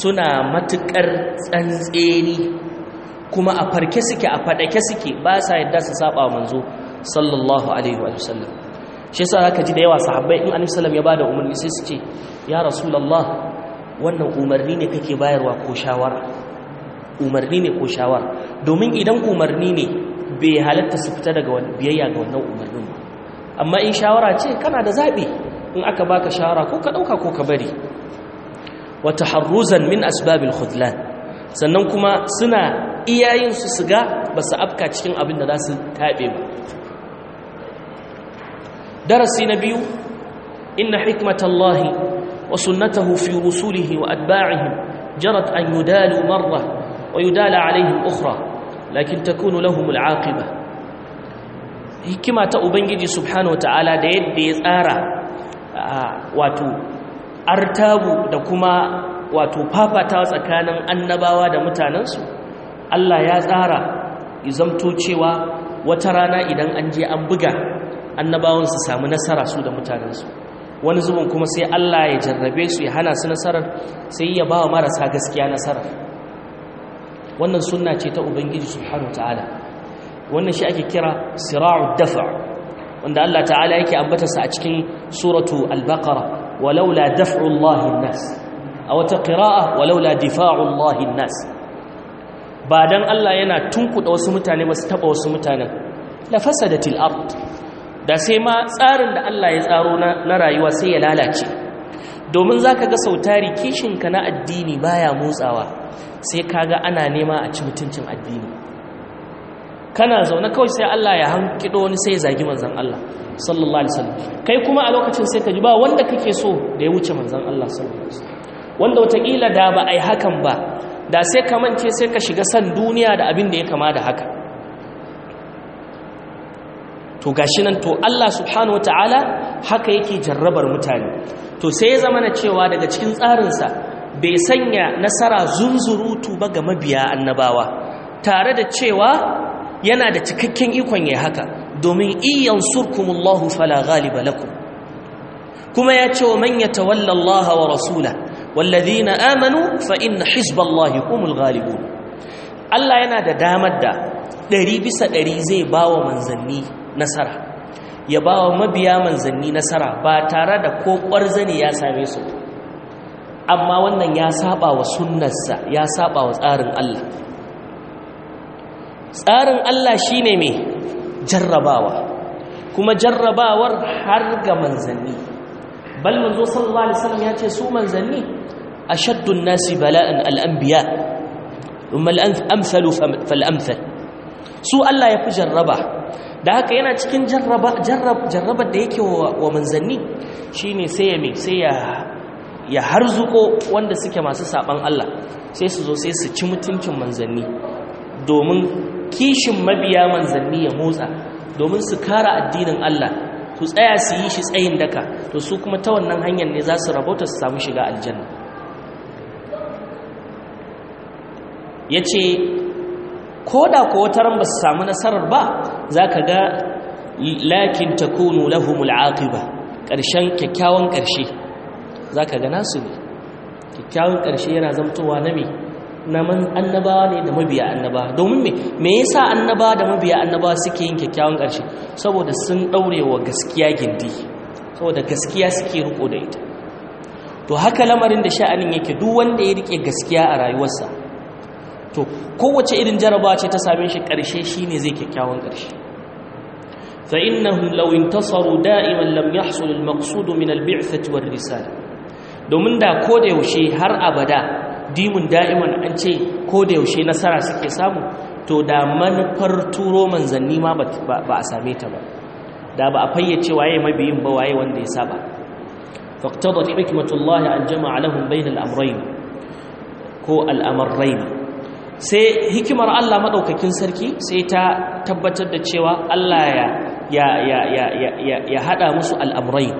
suna matuƙar tsantseni kuma a farke suke a faɗake suke ba sa yadda su saba manzo sallallahu alaihi wa sallam shi yasa zaka ji da yawa sahabbai in annabi sallam ya bada umarni sai su ce ya rasulullah wannan umarni ne kake bayarwa ko shawara umarni ne ko shawara domin idan umarni ne bai halatta su fita daga biyayya ga wannan umarnin ba amma in shawara ce kana da zaɓi in aka baka shawara ko ka ɗauka ko ka bari wata harruzan min asbabil khudlan sannan kuma suna iyayensu su ga ba su afka cikin abin da za su taɓe ba darasi na biyu inna hikmatallahi wa sunnatahu fi rusulihi wa atba'ihim jarat an yudalu marra wa yudala alaihim ukhra lakin ta kunu lahumul aqiba hikima ta ubangiji subhanahu wataala da yadda ya tsara wato artabu da kuma wato fafata tsakanin annabawa da mutanensu Allah ya tsara izamto cewa wata rana idan an je an buga annabawan su samu nasara su da mutanensu wani zubin kuma sai Allah ya jarrabe su ya hana su nasarar sai ya ba wa marasa gaskiya nasarar wannan sunna ce ta ubangiji subhanahu ta'ala wannan shi ake kira sira'u dafa wanda Allah ta'ala yake ambatarsa a cikin suratu al-baqara la daf'u Allah an-nas a wata qira'a walaula difa'u Allah an-nas ba dan Allah yana tunkuda wasu mutane ba su taba wasu mutanen la fasadatil ard da sai ma tsarin da Allah ya tsaro na rayuwa sai ya lalace domin zaka ga sautari kishinka na addini baya motsawa sai kaga ana nema a ci mutuncin addini kana zaune kawai sai Allah ya hankido wani sai zagi manzon Allah sallallahu alaihi wasallam kai kuma a lokacin sai ka ji ba wanda kake so da ya wuce manzon Allah sallallahu alaihi wasallam wanda watakila da ba ai hakan ba da sai ka mance sai ka shiga san duniya da abin da ya kama da haka to gashi nan to Allah subhanahu wataala haka yake jarrabar mutane to sai ya zama na cewa daga cikin tsarinsa bai sanya nasara zunzurutu ba ga mabiya annabawa tare da cewa yana da cikakken ikon ya haka domin iyan surkumullahu fala galiba lakum kuma ya ce wa man yatawalla Allah wa rasula wallazina amanu fa inna hizballahi humul ghalibun Allah yana da damar da ɗari bisa ɗari zai bawa manzanni nasara ya bawa mabiya manzanni nasara ba tare da ko ƙwarzani ya same su amma wannan ya saba wa sunnarsa ya saba wa tsarin Allah tsarin Allah shine mai jarrabawa kuma jarrabawar har ga manzanni bal manzo sallallahu alaihi wasallam ya ce su manzanni ashaddun nasi bala'an al-anbiya umma al-amsalu fal-amsal su Allah ya fi jarraba da haka yana cikin jarraba jarrabar da yake wa manzanni shine sai ya me sai ya ya harzuko wanda suke masu saban Allah sai su zo sai su ci mutuncin manzanni domin kishin mabiya manzanni ya motsa domin su kara addinin Allah su tsaya su yi shi tsayin daka to su kuma ta wannan hanyar ne za su rabauta su samu shiga aljanna ya ce ko da ko ran ba su samu nasarar ba za ka ga lakin takunu lahumul aqiba ƙarshen kyakkyawan ƙarshe za ka gana su ne kyakkyawan ƙarshe yana zamtowa na me na annabawa ne da mabiya annabawa domin me me yasa annabawa da mabiya annabawa suke yin kyakkyawan ƙarshe saboda sun ɗaurewa gaskiya gindi saboda gaskiya suke riko da ita to haka lamarin da sha'anin yake duk wanda ya rike gaskiya a rayuwarsa to kowace irin jarabawa ce ta same shi ƙarshe shine zai kyakkyawan ƙarshe fa innahum law intasaru da'iman lam yahsul al-maqsud min al-bi'thati war domin da kodayaushe yaushe har abada dimun da'iman an ce kodayaushe yaushe nasara suke samu to da manufar turo manzanni ma ba a same ta ba da ba a fayyace waye mabiyin ba waye wanda ya saba faqtadat hikmatullahi an jama'a lahum bainal amrayn ko al'amrayn sai hikimar Allah maɗaukakin sarki sai ta tabbatar da cewa Allah ya haɗa musu al'amrayn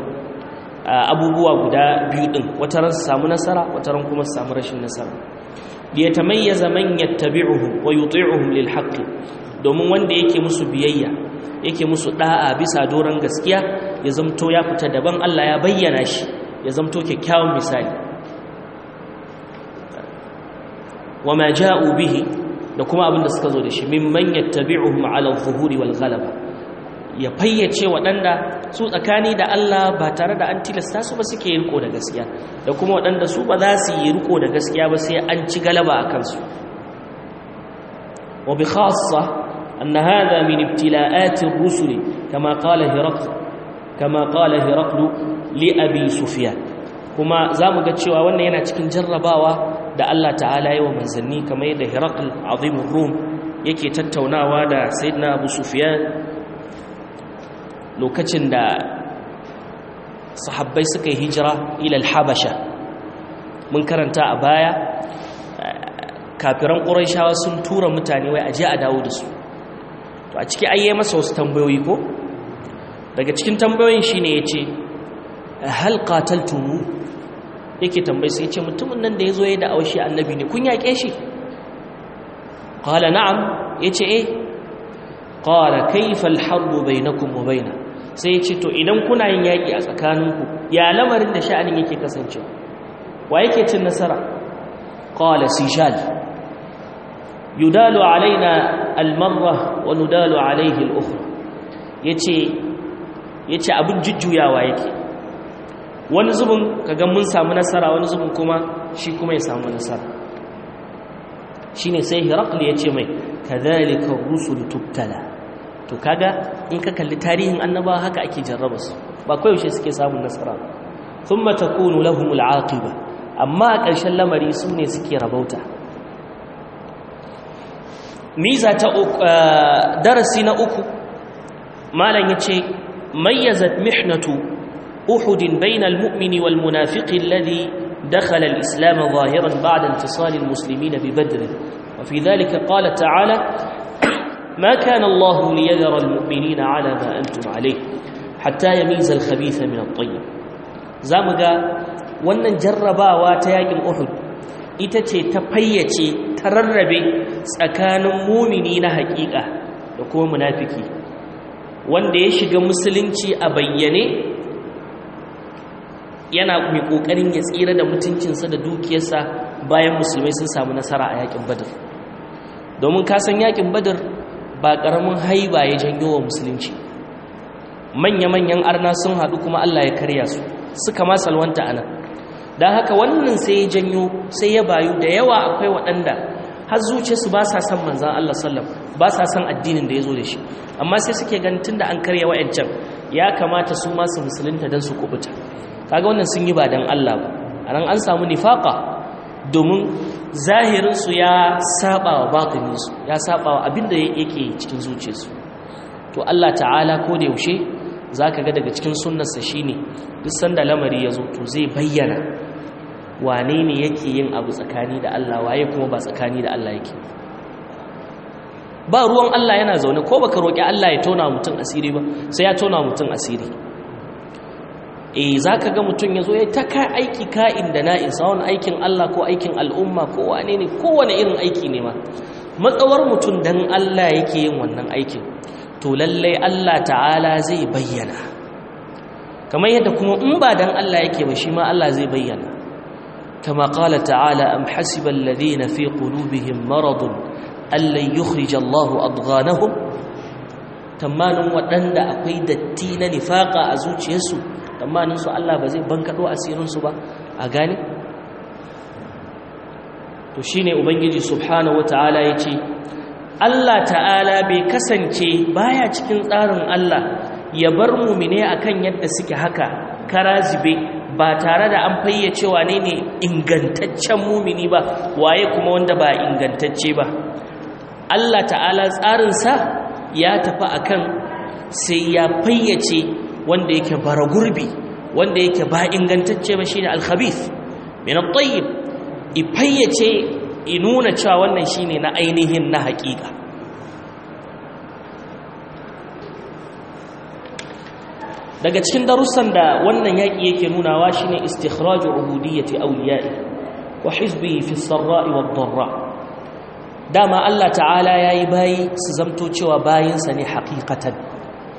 Ah, abubuwa guda biyu din wata ran su samu nasara wata ran kuma su samu rashin nasara li tamayyaza man yattabi'uhu wa yuti'uhum lil haqq domin wanda yake musu biyayya yake musu da'a bisa doron gaskiya ya zamto ya fita daban Allah ya bayyana shi ya zamto kyakkyawan misali wa ma ja'u bihi da kuma abin da suka zo da shi mimman yattabi'uhum ala adh-dhuhuri wal ghalaba ya fayyace waɗanda su tsakani da Allah ba tare da an tilasta su ba suke riko da gaskiya da kuma waɗanda su ba za su yi riko da gaskiya ba sai an ci galaba a kansu wa bi khassa anna hadha min ibtila'ati ar-rusul kama qala hiraqlu kama qala hiraqlu li abi sufyan kuma zamu ga cewa wannan yana cikin jarrabawa da Allah ta'ala yi wa manzanni kamar yadda hiraqlu azimur rum yake tattaunawa da sayyidina abu sufyan lokacin da sahabbai suka yi hijira ilal habasha mun karanta a baya eh, kafiran ƙuraishawa sun tura mutane wai aje a dawo da su to a ciki ayye masa wasu tambayoyi ko daga cikin tambayoyin shine ya ce hal qataltumu yake tambayi sai ya ce mutumin nan da ya zo ya da aushi annabi ne kun yaƙe shi qala na'am yace eh qala kayfa al-harbu bainakum wa bainahu sai ya ce to idan kuna yin yaƙi a tsakaninku ya lamarin da sha'anin yake kasance wa yake cin nasara qala sijal yudalu alaina almarra wa nudalu alaihi al yace yace abin jujjuyawa yake wani zubin kaga mun samu nasara wani zubin kuma shi kuma ya samu nasara shine sai ya yace mai kadhalika rusul tubtala to kaga in ka kalli tarihin annabawa haka ake jarraba su ba koyaushe suke samun nasara thumma takunu lahumul aqiba amma a ƙarshen lamari su ne suke rabauta miza ta darasi na uku malam yace mayyazat mihnatu uhudin bainal mu'mini wal munafiqi alladhi dakhala al islam zahiran ba'da intisal al muslimin bi badr وفي ذلك قال تعالى ما كان الله ليذر المؤمنين على ما أنتم عليه حتى يميز الخبيث من الطيب زامغا wannan jarrabawa ta yakin Uhud ita ce ta fayyace ta rarrabe tsakanin mumini na haƙiƙa da kuma munafiki wanda ya shiga musulunci a bayyane yana mai ƙoƙarin ya tsira da mutuncinsa da dukiyarsa bayan musulmai sun samu nasara a yakin Badr domin kasan yaƙin Badr ba ƙaramin haiba ya janyo wa musulunci manya-manyan arna sun haɗu kuma allah ya karya su suka ma salwanta anan don haka wannan sai ya janyo sai ya bayu da yawa akwai waɗanda har zuciyarsu ba sa son manzan allah sallam ba sa son addinin da ya zo da shi amma sai suke ganin tun da an karya wa'yancan ya kamata su masu musulunta don su kubuta kaga wannan sun yi ba don allah ba a nan an samu nifaka domin zahirinsu ya saba wa batininsu ya saba wa abinda yake cikin zuciyarsu to Allah ta'ala ko da yaushe za ka ga daga cikin sunnarsa shi ne duk sanda lamari ya zo to zai bayyana wane ne yake yin abu tsakani da Allah waye kuma ba tsakani da Allah yake ba ruwan Allah yana zaune ko baka roƙi Allah ya tona mutum asiri ba sai ya tona mutum asiri eh za ka ga mutum ya zo ya ta ka aiki ka'in da na'in sawon aikin Allah ko aikin al'umma ko wane ne kowane irin aiki ne ma matsawar mutum dan Allah yake yin wannan aikin to lallai Allah ta'ala zai bayyana kamar yadda kuma in ba dan Allah yake ba shi ma Allah zai bayyana kama qala ta'ala an hasiba alladhina fi qulubihim maradun allan yukhrija Allahu adghanahum tamanin waɗanda akwai datti na nifaƙa a zuciyarsu tsammanin su Allah ba zai bankaɗo su ba a gane to shi ubangiji subhanahu wa ta'ala ya ce Allah ta'ala bai kasance baya cikin tsarin Allah ya bar mumine akan yadda suke haka karazibe ba tare da an fayyace wane ne ingantaccen mumini ba waye kuma wanda ba ingantacce ba Allah ta'ala tsarin sa ya tafi akan sai ya fayyace wanda yake bara gurbi wanda yake ba ingantacce ba shine al-khabith min at-tayyib ifayyace nuna cewa wannan shine na ainihin na haƙiƙa daga cikin darussan da wannan yaƙi yake nunawa shine istikhraju ubudiyyati awliya'i wa hizbihi fi sarra'i wad-dharra' dama Allah ta'ala ya yi bayi su zamto cewa bayinsa ne haƙiƙatan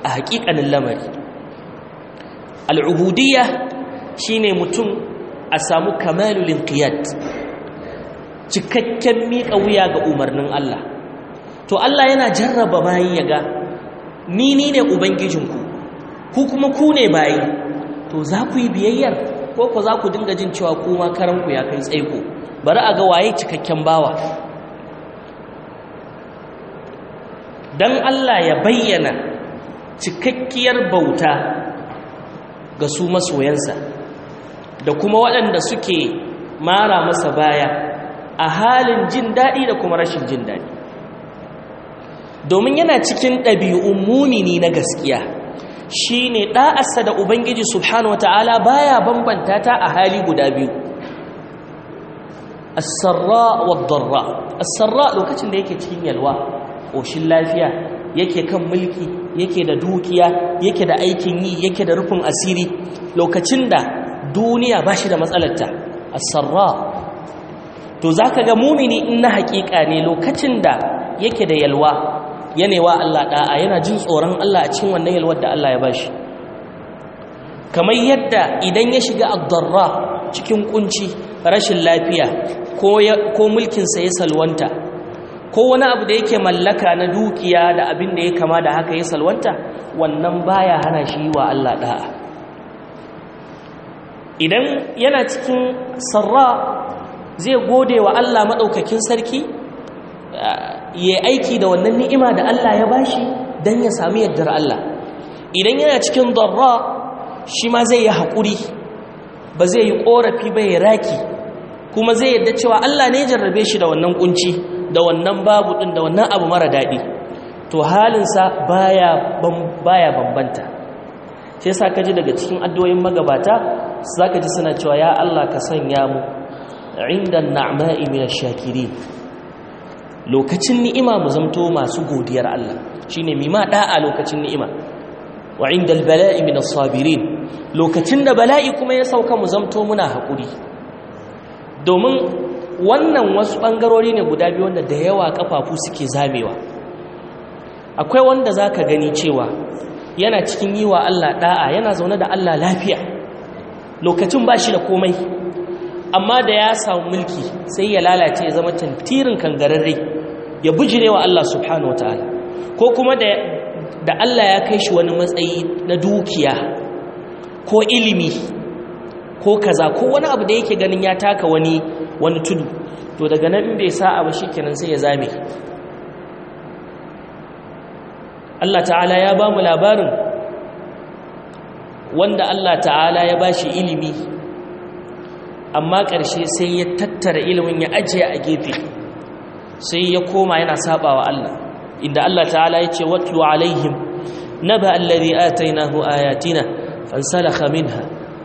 a haƙiƙanin lamari al'ubudiyya ne mutum a samu kamalul cikakken miƙa wuya ga umarnin Allah to Allah yana jarraba bayi ga ni ni ne ubangijinku ku kuma ku ne bayi to za ku yi biyayyar ko ku za ku dinga jin cewa ku karanku ya kai tsaiko bari a ga waye cikakken bawa dan Allah ya bayyana cikakkiyar bauta ga su masoyansa da kuma waɗanda suke mara masa baya a halin jin daɗi da kuma rashin jin daɗi domin yana cikin ɗabi'un mumini na gaskiya shi ne ɗa'asa da ubangiji subhanahu wa ta'ala baya bambanta ta a hali guda biyu asarra wa darra asarra lokacin da yake cikin yalwa ƙoshin lafiya yake kan mulki yake da dukiya yake da aikin yi yake da rufin asiri lokacin da duniya ba shi da matsalarta asarra to za ka ga mumini in na hakika ne lokacin da yake da yalwa yanewa Allah ɗa'a yana jin tsoron Allah a cikin wannan yalwar da Allah ya ba shi kamar yadda idan ya shiga addarra cikin kunci rashin lafiya ko mulkinsa ya salwanta ko wani abu da yake mallaka na dukiya da abin da ya kama da haka ya salwanta wannan baya hana shi wa Allah da'a idan yana cikin sarra zai gode wa Allah maɗaukakin sarki ya aiki da wannan ni'ima da Allah ya bashi don ya sami yardar Allah idan yana cikin darra shi ma zai yi haƙuri ba zai yi ƙorafi ba ya raki kuma zai yadda cewa Allah ne jarrabe shi da wannan ƙunci da wannan babu din da wannan abu mara daɗi to halinsa baya baya bambanta sai yasa kaji daga cikin addu'o'in magabata zaka ji suna cewa ya Allah ka sanya mu inda na'ma'i min ash-shakirin lokacin ni'ima mu zamto masu godiyar Allah shine mima da'a lokacin ni'ima wa inda al-bala'i min as-sabirin lokacin da bala'i kuma ya sauka mu zamto muna hakuri domin wannan wasu ɓangarori ne guda biyu wanda da yawa kafafu suke zamewa akwai wanda za ka gani cewa yana cikin yi wa Allah ɗa'a yana zaune da Allah lafiya lokacin ba shi da komai amma da ya samu mulki sai ya lalace ya zama tantirin kangararre ya bujire wa Allah subhanahu wa ta'ala ko kuma da Allah ya kai shi wani matsayi na dukiya ko ilimi ko kaza ko wani abu da yake ganin ya taka wani wani tudu to daga nan bai sa'a ba shikenan sai ya zame Allah ta'ala ya bamu labarin wanda Allah ta'ala ya ba shi ilimi amma ƙarshe sai ya tattara ilimin ya ajiye a gefe sai ya koma yana sabawa Allah inda Allah ta'ala ya ce watlu alaihim naba allazi atainahu ayatina fansalakha minha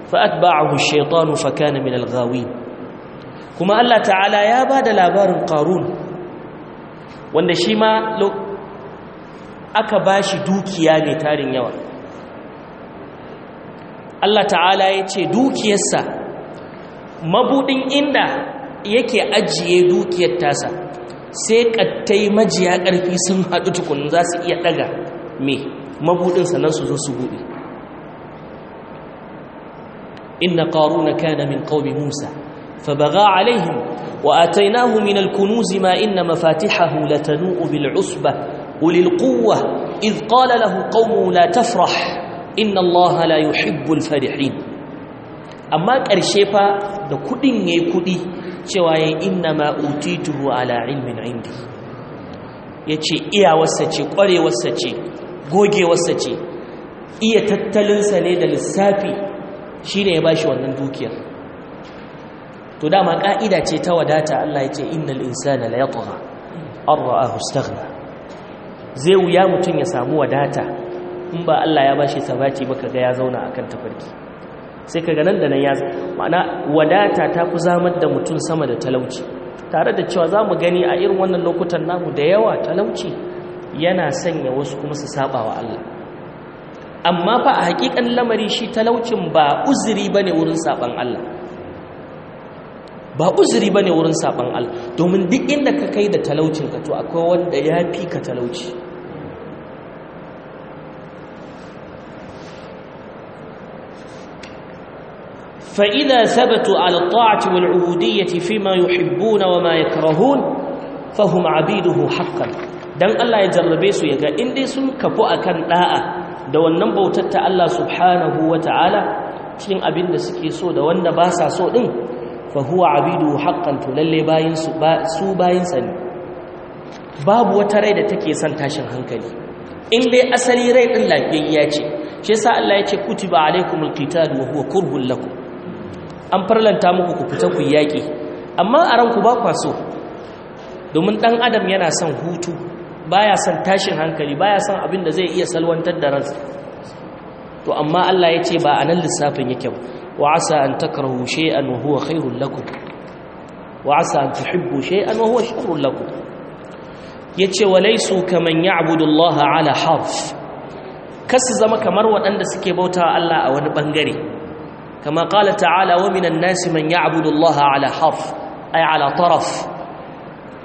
فأتبعه الشيطان فكان من الغاوين kuma Allah ta'ala ya ba da labarin ƙarun wanda shi ma aka ba shi dukiya mai tarin yawa Allah ta'ala ya ce dukiyarsa mabudin inda yake ajiye dukiyar tasa sai ƙattai majiya ƙarfi sun haɗu tukun za su iya ɗaga mai mabudin sannan su zo su buɗe inna na kana min ƙaumi musa فبغى عليهم وآتيناه من الكنوز ما إن مفاتحه لتنوء بالعصبة أولي القوة إذ قال له قوم لا تفرح إن الله لا يحب الفرحين أما fa da kudin yayi kudi cewa yayin innama utituhu ala ilmin indi yace iyawarsa ce kwarewarsa ce gogewarsa ce iya tattalinsa ne da lissafi shine ya bashi wannan dukiyar to dama ka'ida ce ta wadata Allah ya ce innal insana la yatgha arahu istaghna zai wuya mutum ya samu wadata in ba Allah ya bashi sabati ba kaga ya zauna akan tafarki sai kaga nan da nan ya ma'ana wadata ta fi zamar da mutum sama da talauci tare da cewa zamu gani a irin wannan lokutan namu da yawa talauci yana sanya wasu kuma su saba wa Allah amma fa a hakikan lamari shi talaucin ba uzuri bane wurin saban Allah ba uzuri ba ne wurin saban Allah domin duk inda ka kai da talaucin ka to akwai wanda ya fi ka talauci فإذا ثبتوا على الطاعة والعبودية فيما يحبون وما يكرهون فهم عبيده حقا dan Allah ya jarrabe su yaga in dai sun a kan ɗa'a da wannan bautar ta Allah subhanahu wataala cikin abin da suke so da wanda ba sa so din fa abidu haqqan to lalle bayin su su bayin ne babu wata rai da take son tashin hankali in dai asali rai din lafiyayya ce shi yasa Allah ya ce kutiba alaikumul qital wa huwa kurhul lakum an farlanta muku ku fita ku yaki amma a ranku ba kwa so domin ɗan adam yana son hutu baya son tashin hankali baya son abin da zai iya salwantar da ransa to amma Allah ya ce ba a nan lissafin yake ba وعسى أن تكرهوا شيئا وهو خير لكم وعسى أن تحبوا شيئا وهو شر لكم يتشي وليسوا كمن يعبد الله على حرف كس زما كمر وأن سكي بوتا الله أو بنغري كما قال تعالى ومن الناس من يعبد الله على حرف أي على طرف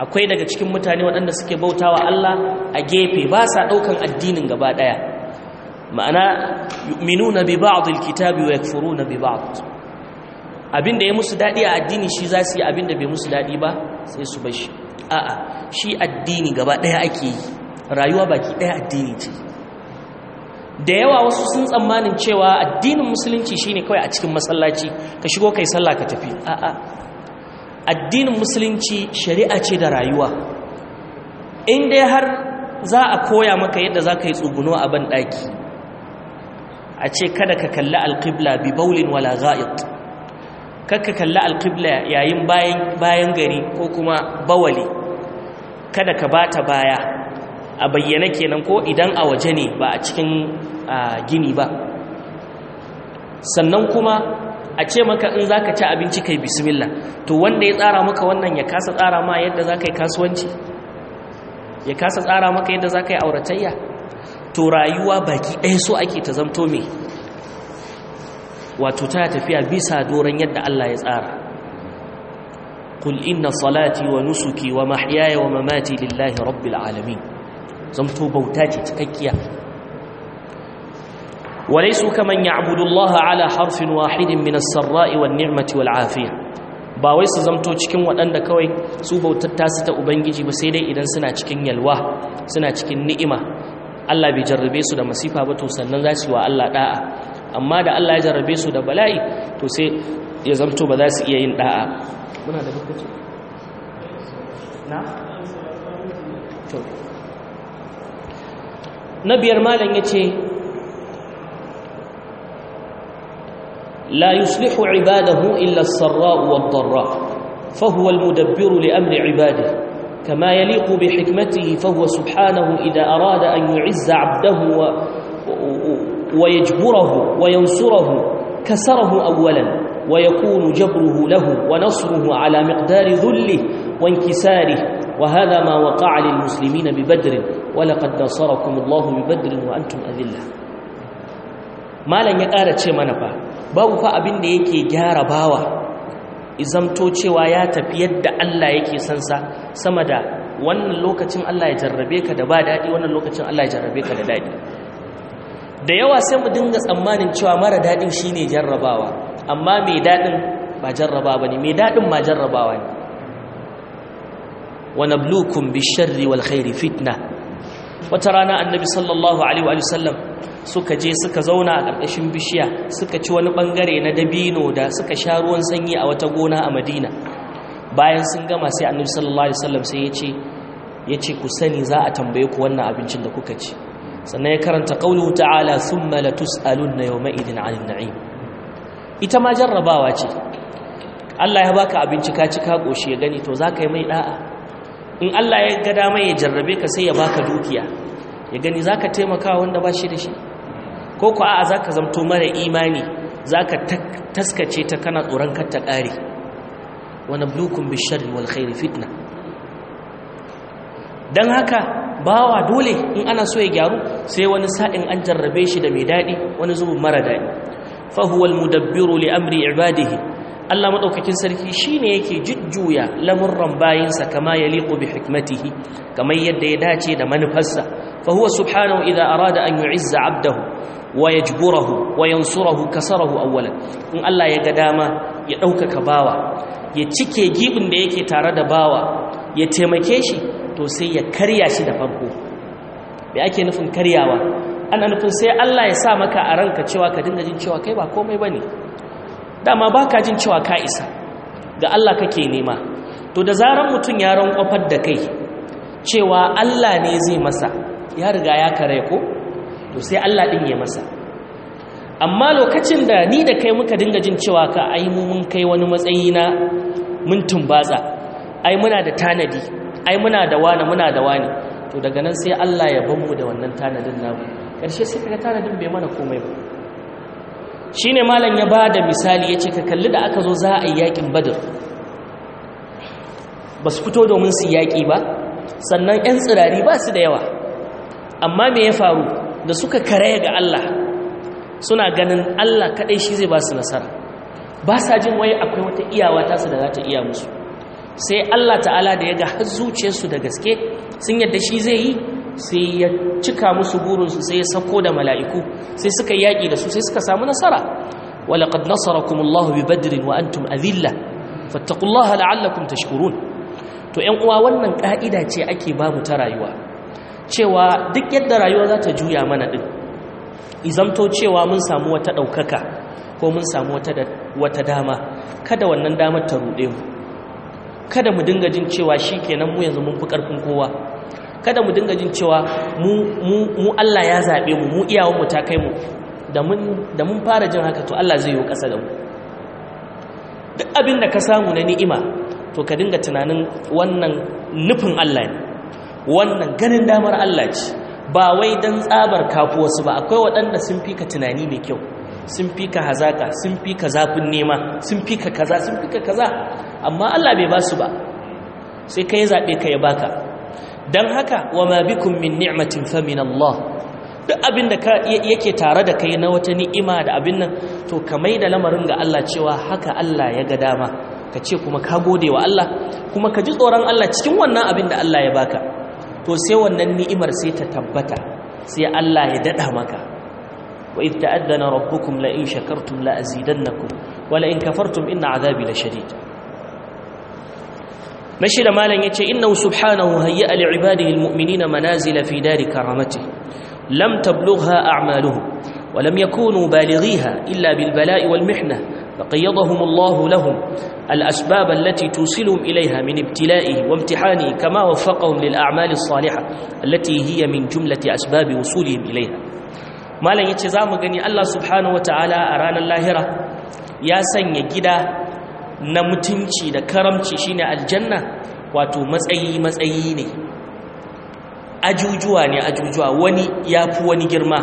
akwai daga cikin mutane waɗanda suke bautawa Allah a gefe ba sa ɗaukan addinin gaba ɗaya ma'ana yu'minuna bi ba'd alkitabi wa yakfuruna bi ba'd abinda ya musu dadi a addini shi za su yi abinda bai musu dadi ba sai su bar shi a'a shi addini gaba daya ake yi rayuwa baki daya addini ce da yawa wasu sun tsammanin cewa addinin musulunci shine kawai a cikin masallaci ka shigo kai sallah ka tafi a'a addinin musulunci shari'a ce da rayuwa in dai har za a koya maka yadda za ka yi tsuguno a ban ɗaki a ce kada ka kalli alqibla bi baulin wala ga'id kada ka kalli alqibla yayin bayan gari ko kuma bawali kada ka bata baya a bayyana kenan ko idan a waje ne ba a cikin gini ba sannan kuma a ce maka in zaka ci abinci kai bismillah to wanda ya tsara maka wannan ya kasa tsara ma yadda za yi kasuwanci ya kasa tsara maka yadda zaka yi auratayya to rayuwa baki ɗaya so ake ta zamto me wato ta tafiya bisa doron yadda Allah ya tsara kul inna salati wa nusuki wa mahyaya wa mamati lillahi rabbil alamin zamto bauta ce cikakkiya walaysu kaman ya'budu Allah ala harfin wahidin min as-sarra'i wan ni'mati wal 'afiyah ba wai su zamto cikin waɗanda kawai su bautar tasu ta Ubangiji ba sai dai idan suna cikin yalwa suna cikin ni'ima Allah bai jarrabe su da masifa ba to sannan za su yi wa Allah da'a amma da Allah ya jarrabe su da bala'i to sai ya zamto ba za su iya yin ɗa'a muna da lokaci na to na biyar malam yace la yuslihu ibadahu illa sarra'u sarra wa ad-dharra fa huwa li amri ibadihi كما يليق بحكمته فهو سبحانه إذا أراد أن يعز عبده و ويجبره وينصره كسره أولا ويكون جبره له ونصره على مقدار ذله وانكساره وهذا ما وقع للمسلمين ببدر ولقد نصركم الله ببدر وأنتم أذلة ما لن يقارت شيء منفع باب أبن يكي جار باوه izamto cewa ya tafi yadda Allah yake sansa sama da wannan lokacin Allah ya jarrabe ka da ba daɗi wannan lokacin Allah ya jarrabe ka da daɗi da yawa sai mu dinga tsammanin cewa mara daɗin shine jarrabawa amma mai daɗin ba jarraba ba ne mai daɗin ma jarrabawa ne wa nablukum bisharri wal khairi fitna wata rana annabi sallallahu alaihi wa sallam suka je suka zauna a ƙarƙashin bishiya suka ci wani ɓangare na dabino da suka sha ruwan sanyi a wata gona a madina bayan sun gama sai annabi sallallahu alaihi wasallam sai ya ce ya ce ku sani za a tambaye ku wannan abincin da kuka ci sannan ya karanta ƙaunuhu ta'ala thumma latus'alunna yawma idin 'anil na'im ita ma jarrabawa ce Allah ya baka abinci ka ci ka ya gani to zaka yi mai da'a in Allah ya ga dama ya jarrabe ka sai ya baka dukiya ya gani zaka taimaka wanda ba shi da shi ko ku a'a zaka zamto mara imani zaka taskace ta kana tsoron kar ƙari. kare wa nablukum bisharri wal khairi fitna dan haka bawa dole in ana so ya gyaru sai wani sa'in an jarrabe shi da mai daɗi wani zubin mara daɗi fahuwal mudabbiru li amri ibadihi Allah madaukakin sarki shi ne yake jujjuya lamurran bayinsa kama ya liƙo bi hikmatihi kamar yadda ya dace da manufarsa fahuwa subhanahu idza arada an yu'izza 'abdahu wa yajburahu wa yansurahu kasarahu awwalan in Allah ya ga dama ya ɗaukaka bawa ya cike gibin da yake tare da bawa ya taimake shi to sai ya karya shi da farko me ake nufin karyawa ana nufin sai Allah ya sa maka a ranka cewa ka dinga jin cewa kai ba komai bane dama baka jin cewa ka isa ga Allah kake nema to da zaran mutum ya ran kofar da kai cewa Allah ne zai masa ya riga ya kare ko to sai Allah din ya masa amma lokacin da ni da kai muka dinga jin cewa ka ai mu mun kai wani matsayi na mun tumbatsa ai muna da tanadi ai muna da wani muna da wani to daga nan sai Allah ya bamu da wannan tanadin namu karshe sai ka tanadin bai mana komai ba shine malam ya bada misali yace ka kalli da aka zo za a yi yakin badr ba su fito domin su yaƙi ba sannan 'yan tsirari ba su da yawa amma me ya faru da suka karaya ga Allah suna ganin Allah kaɗai shi zai ba su nasara ba sa jin waye akwai wata iyawa tasu da za ta iya musu sai Allah ta'ala da ya ga har zuciyarsu da gaske sun yadda shi zai yi sai ya cika musu burinsu sai ya sako da mala'iku sai suka yaki da su sai suka samu nasara walaƙad nasarakumullahu bi badrin wa antum azilla fattaqullaha la'allakum tashkurun to ƴan uwa wannan ƙa'ida ce ake bamu ta rayuwa cewa duk yadda rayuwa za ta juya mana ɗin izamto cewa mun samu wata ɗaukaka ko mun samu wata dama kada wannan damar ta ruɗe mu kada mu dinga jin cewa shi kenan mu yanzu mun fi ƙarfin kowa kada mu dinga jin cewa mu Allah ya zaɓe mu mu mu ta kai mu da mun fara jin haka to Allah zai yi ƙasa da mu duk abin da ka samu na ni'ima to ka dinga tunanin wannan nufin Allah ne wannan ganin damar Allah ce ba wai dan tsabar kafu wasu ba akwai waɗanda sun fi tunani mai kyau sun fi ka hazaka sun fi zafin nema sun fi kaza sun fi kaza amma Allah bai ba su ba sai ka yi zaɓe ka ya baka don haka wa ma bikum min ni'matin fa min Allah duk abin da yake tare da kai na wata ni'ima da abin nan to ka mai da lamarin ga Allah cewa haka Allah ya ga dama ka ce kuma ka gode wa Allah kuma ka ji tsoron Allah cikin wannan abin da Allah ya baka to sai wannan ni'imar sai ta tabbata sai Allah ya dada maka wa idh rabbukum la in shakartum la azidannakum wa la in kafartum inna adhabi lashadid mashi da malan yace inna subhanahu hayya li ibadihi almu'minina manazila fi dari karamati lam tablugha a'maluhum wa lam yakunu balighiha illa bil bala'i wal والمحنة فقيضهم الله لهم الأسباب التي توصلهم إليها من ابتلائه وامتحانه كما وفقهم للأعمال الصالحة التي هي من جملة أسباب وصولهم إليها ما لن يتزام غني الله سبحانه وتعالى أرانا اللاهرة يا سن يجدا نمتنشي da karamci shine aljanna wato matsayi matsayi ne ajujuwa ne ajujuwa wani yafi wani girma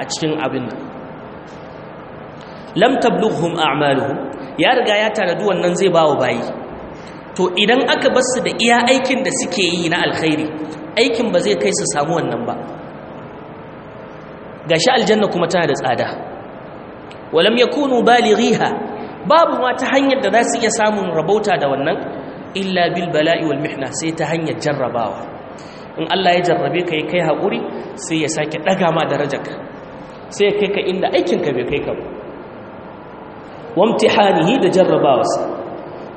a cikin abin nan lam tablughum a'maluhum ya riga ya tanadi wannan zai bawa bayi to idan aka bar su da iya aikin da suke yi na alkhairi aikin ba zai kai su samu wannan ba gashi aljanna kuma tana da tsada walam yakunu balighiha babu ma ta hanyar da za su iya samun rabauta da wannan illa bil bala'i wal mihna sai ta hanyar jarrabawa in Allah ya jarrabe ka yi kai haƙuri sai ya sake ɗaga ma darajarka sai ya kai ka inda aikinka bai kai ka ba وامتحانه تجرباوس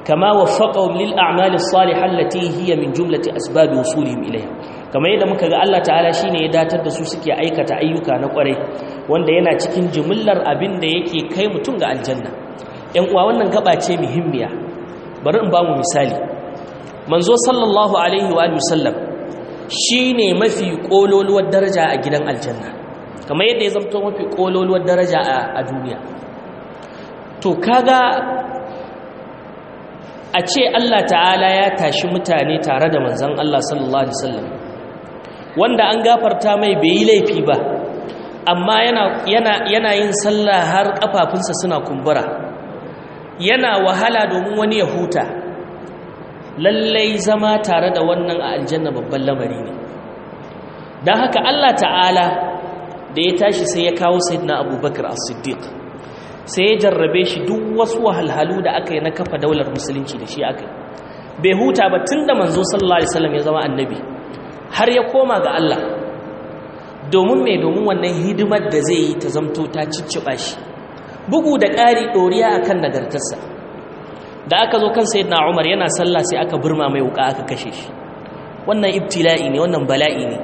كما وفقوا للاعمال الصالحه التي هي من جملة اسباب وصولهم اليها كما يدا muka ga Allah ta'ala shine ya datar da su suke aikata ayyuka na kwarai wanda yana cikin jimillar abin da yake kai mutum ga aljanna Yan uwa wannan gaba ce muhimmiya bari in bamu misali manzo sallallahu alaihi wa sallam shine mafi kololuwar daraja a gidan aljanna kamar yadda ya zama mafi kololuwar daraja a duniya to kaga a ce Allah ta'ala ya tashi mutane tare da manzan Allah sallallahu Alaihi wasallam wanda an gafarta mai bai yi laifi ba amma yana yin sallah har kafafunsa suna kumbura yana wahala domin wani ya huta lallai zama tare da wannan a aljanna babban lamari ne don haka Allah ta'ala da ya tashi sai ya kawo saidina abubakar as-siddiq sai ya jarrabe shi duk wasu wahalhalu da aka yi na kafa daular musulunci da shi aka yi bai huta ba tun da manzo sallallahu alaihi wasallam ya zama annabi har ya koma ga Allah domin me domin wannan hidimar da zai yi ta zamto ta cicciɓa shi bugu da ƙari ɗoriya akan nagartarsa da aka zo kan sayyidina Umar yana sallah sai aka burma mai wuka aka kashe shi wannan ibtila'i ne wannan bala'i ne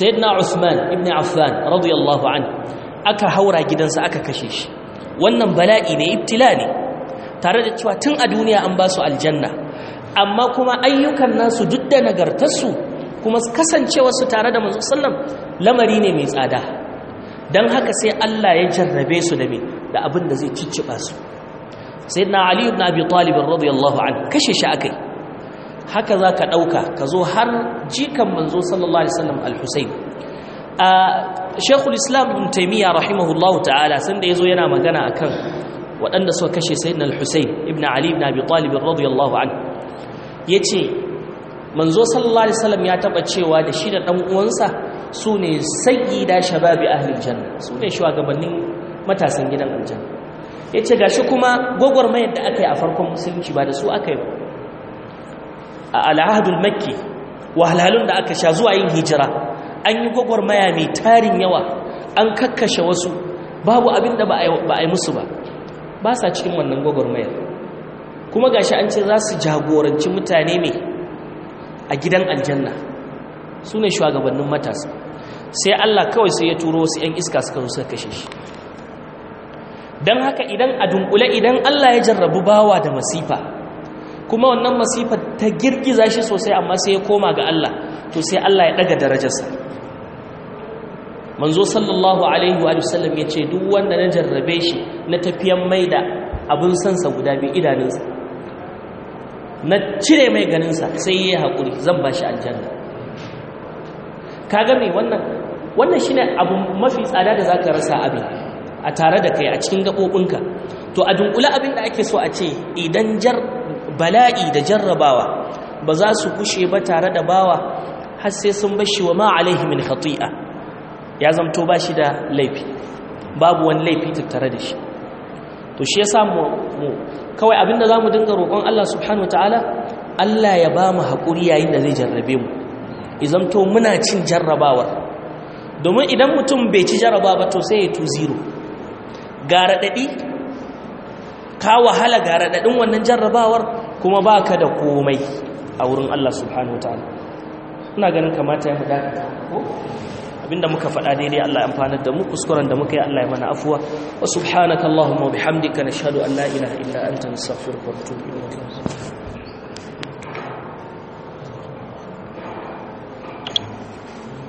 sayyidina Usman ibn Affan radiyallahu an aka haura gidansa aka kashe shi wannan bala'i ne ibtila ne tare da cewa tun a duniya an ba su aljanna amma kuma ayyukan nasu duk da nagartarsu kuma kasancewarsu tare da manzo sallam lamari ne mai tsada don haka sai Allah ya jarrabe su da me da abin da zai cicciba su sayyidina ali ibn abi talib radiyallahu an kashe shi akai haka zaka ɗauka ka zo har jikan manzo sallallahu alaihi wasallam al-husayn ah, shekul islam ibn taimiyya rahimahullahu ta'ala sanda ya zo yana magana a kan waɗanda suka kashe sayyidina al hussein ibn ali ibn abi talib radiyallahu an ya ce manzo sallallahu alaihi wasallam ya taɓa cewa da shi da ɗan uwansa su ne da shababi ahlil janna su ne shugabannin matasan gidan aljanna ya ce gashi kuma gwagwarmayar da aka yi a farkon musulunci ba da su aka yi a al'ahadul makki wahalhalun da aka sha zuwa yin hijira an yi gwagwarmaya mai tarin yawa an kakkashe wasu babu abin da ba a yi musu ba ba sa cikin wannan gwagwarmayar kuma gashi an ce za su jagoranci mutane ne a gidan aljanna su ne shugabannin matasa sai allah kawai sai ya turo wasu 'yan iska suka zo kashe shi don haka idan a dunkule idan allah ya jarrabu bawa da masifa kuma wannan masifa ta girgiza shi sosai amma sai ya koma ga allah to sai allah ya daga darajarsa manzo sallallahu alaihi wa sallam ya ce duk wanda na jarrabe shi na tafiyan mai da abin sansa guda biyu idanunsa na cire mai ganinsa sai ya yi haƙuri zan ba shi aljanna kaga mai wannan wannan shine abu mafi tsada da zaka rasa abin a tare da kai a cikin gaɓoɓinka to a dunkula abin da ake so a ce idan bala'i da jarrabawa ba za su kushe ba tare da bawa har sai sun bashi wa ma alaihi min khati'a ya zamto ba shi da laifi babu wani laifi tattare da shi to shi ya sa mu kawai abinda mu dinga roƙon Allah subhanahu wataala Allah ya ba mu haƙuri yayin da zai jarrabe mu izamto muna cin jarrabawar domin idan mutum bai ci jarraba ba to sai ya tu zero ga raɗaɗi ka wahala ga raɗaɗin wannan jarrabawar kuma ba ka da komai a wurin Allah subhanahu wataala ina ganin kamata ya haɗa ko abinda muka faɗa daidai Allah ya amfanar da mu kuskuren da muka yi Allah ya mana afuwa wa subhanakallahumma wa bihamdika nashhadu an la ilaha illa anta nastaghfiruka wa natubu ilayk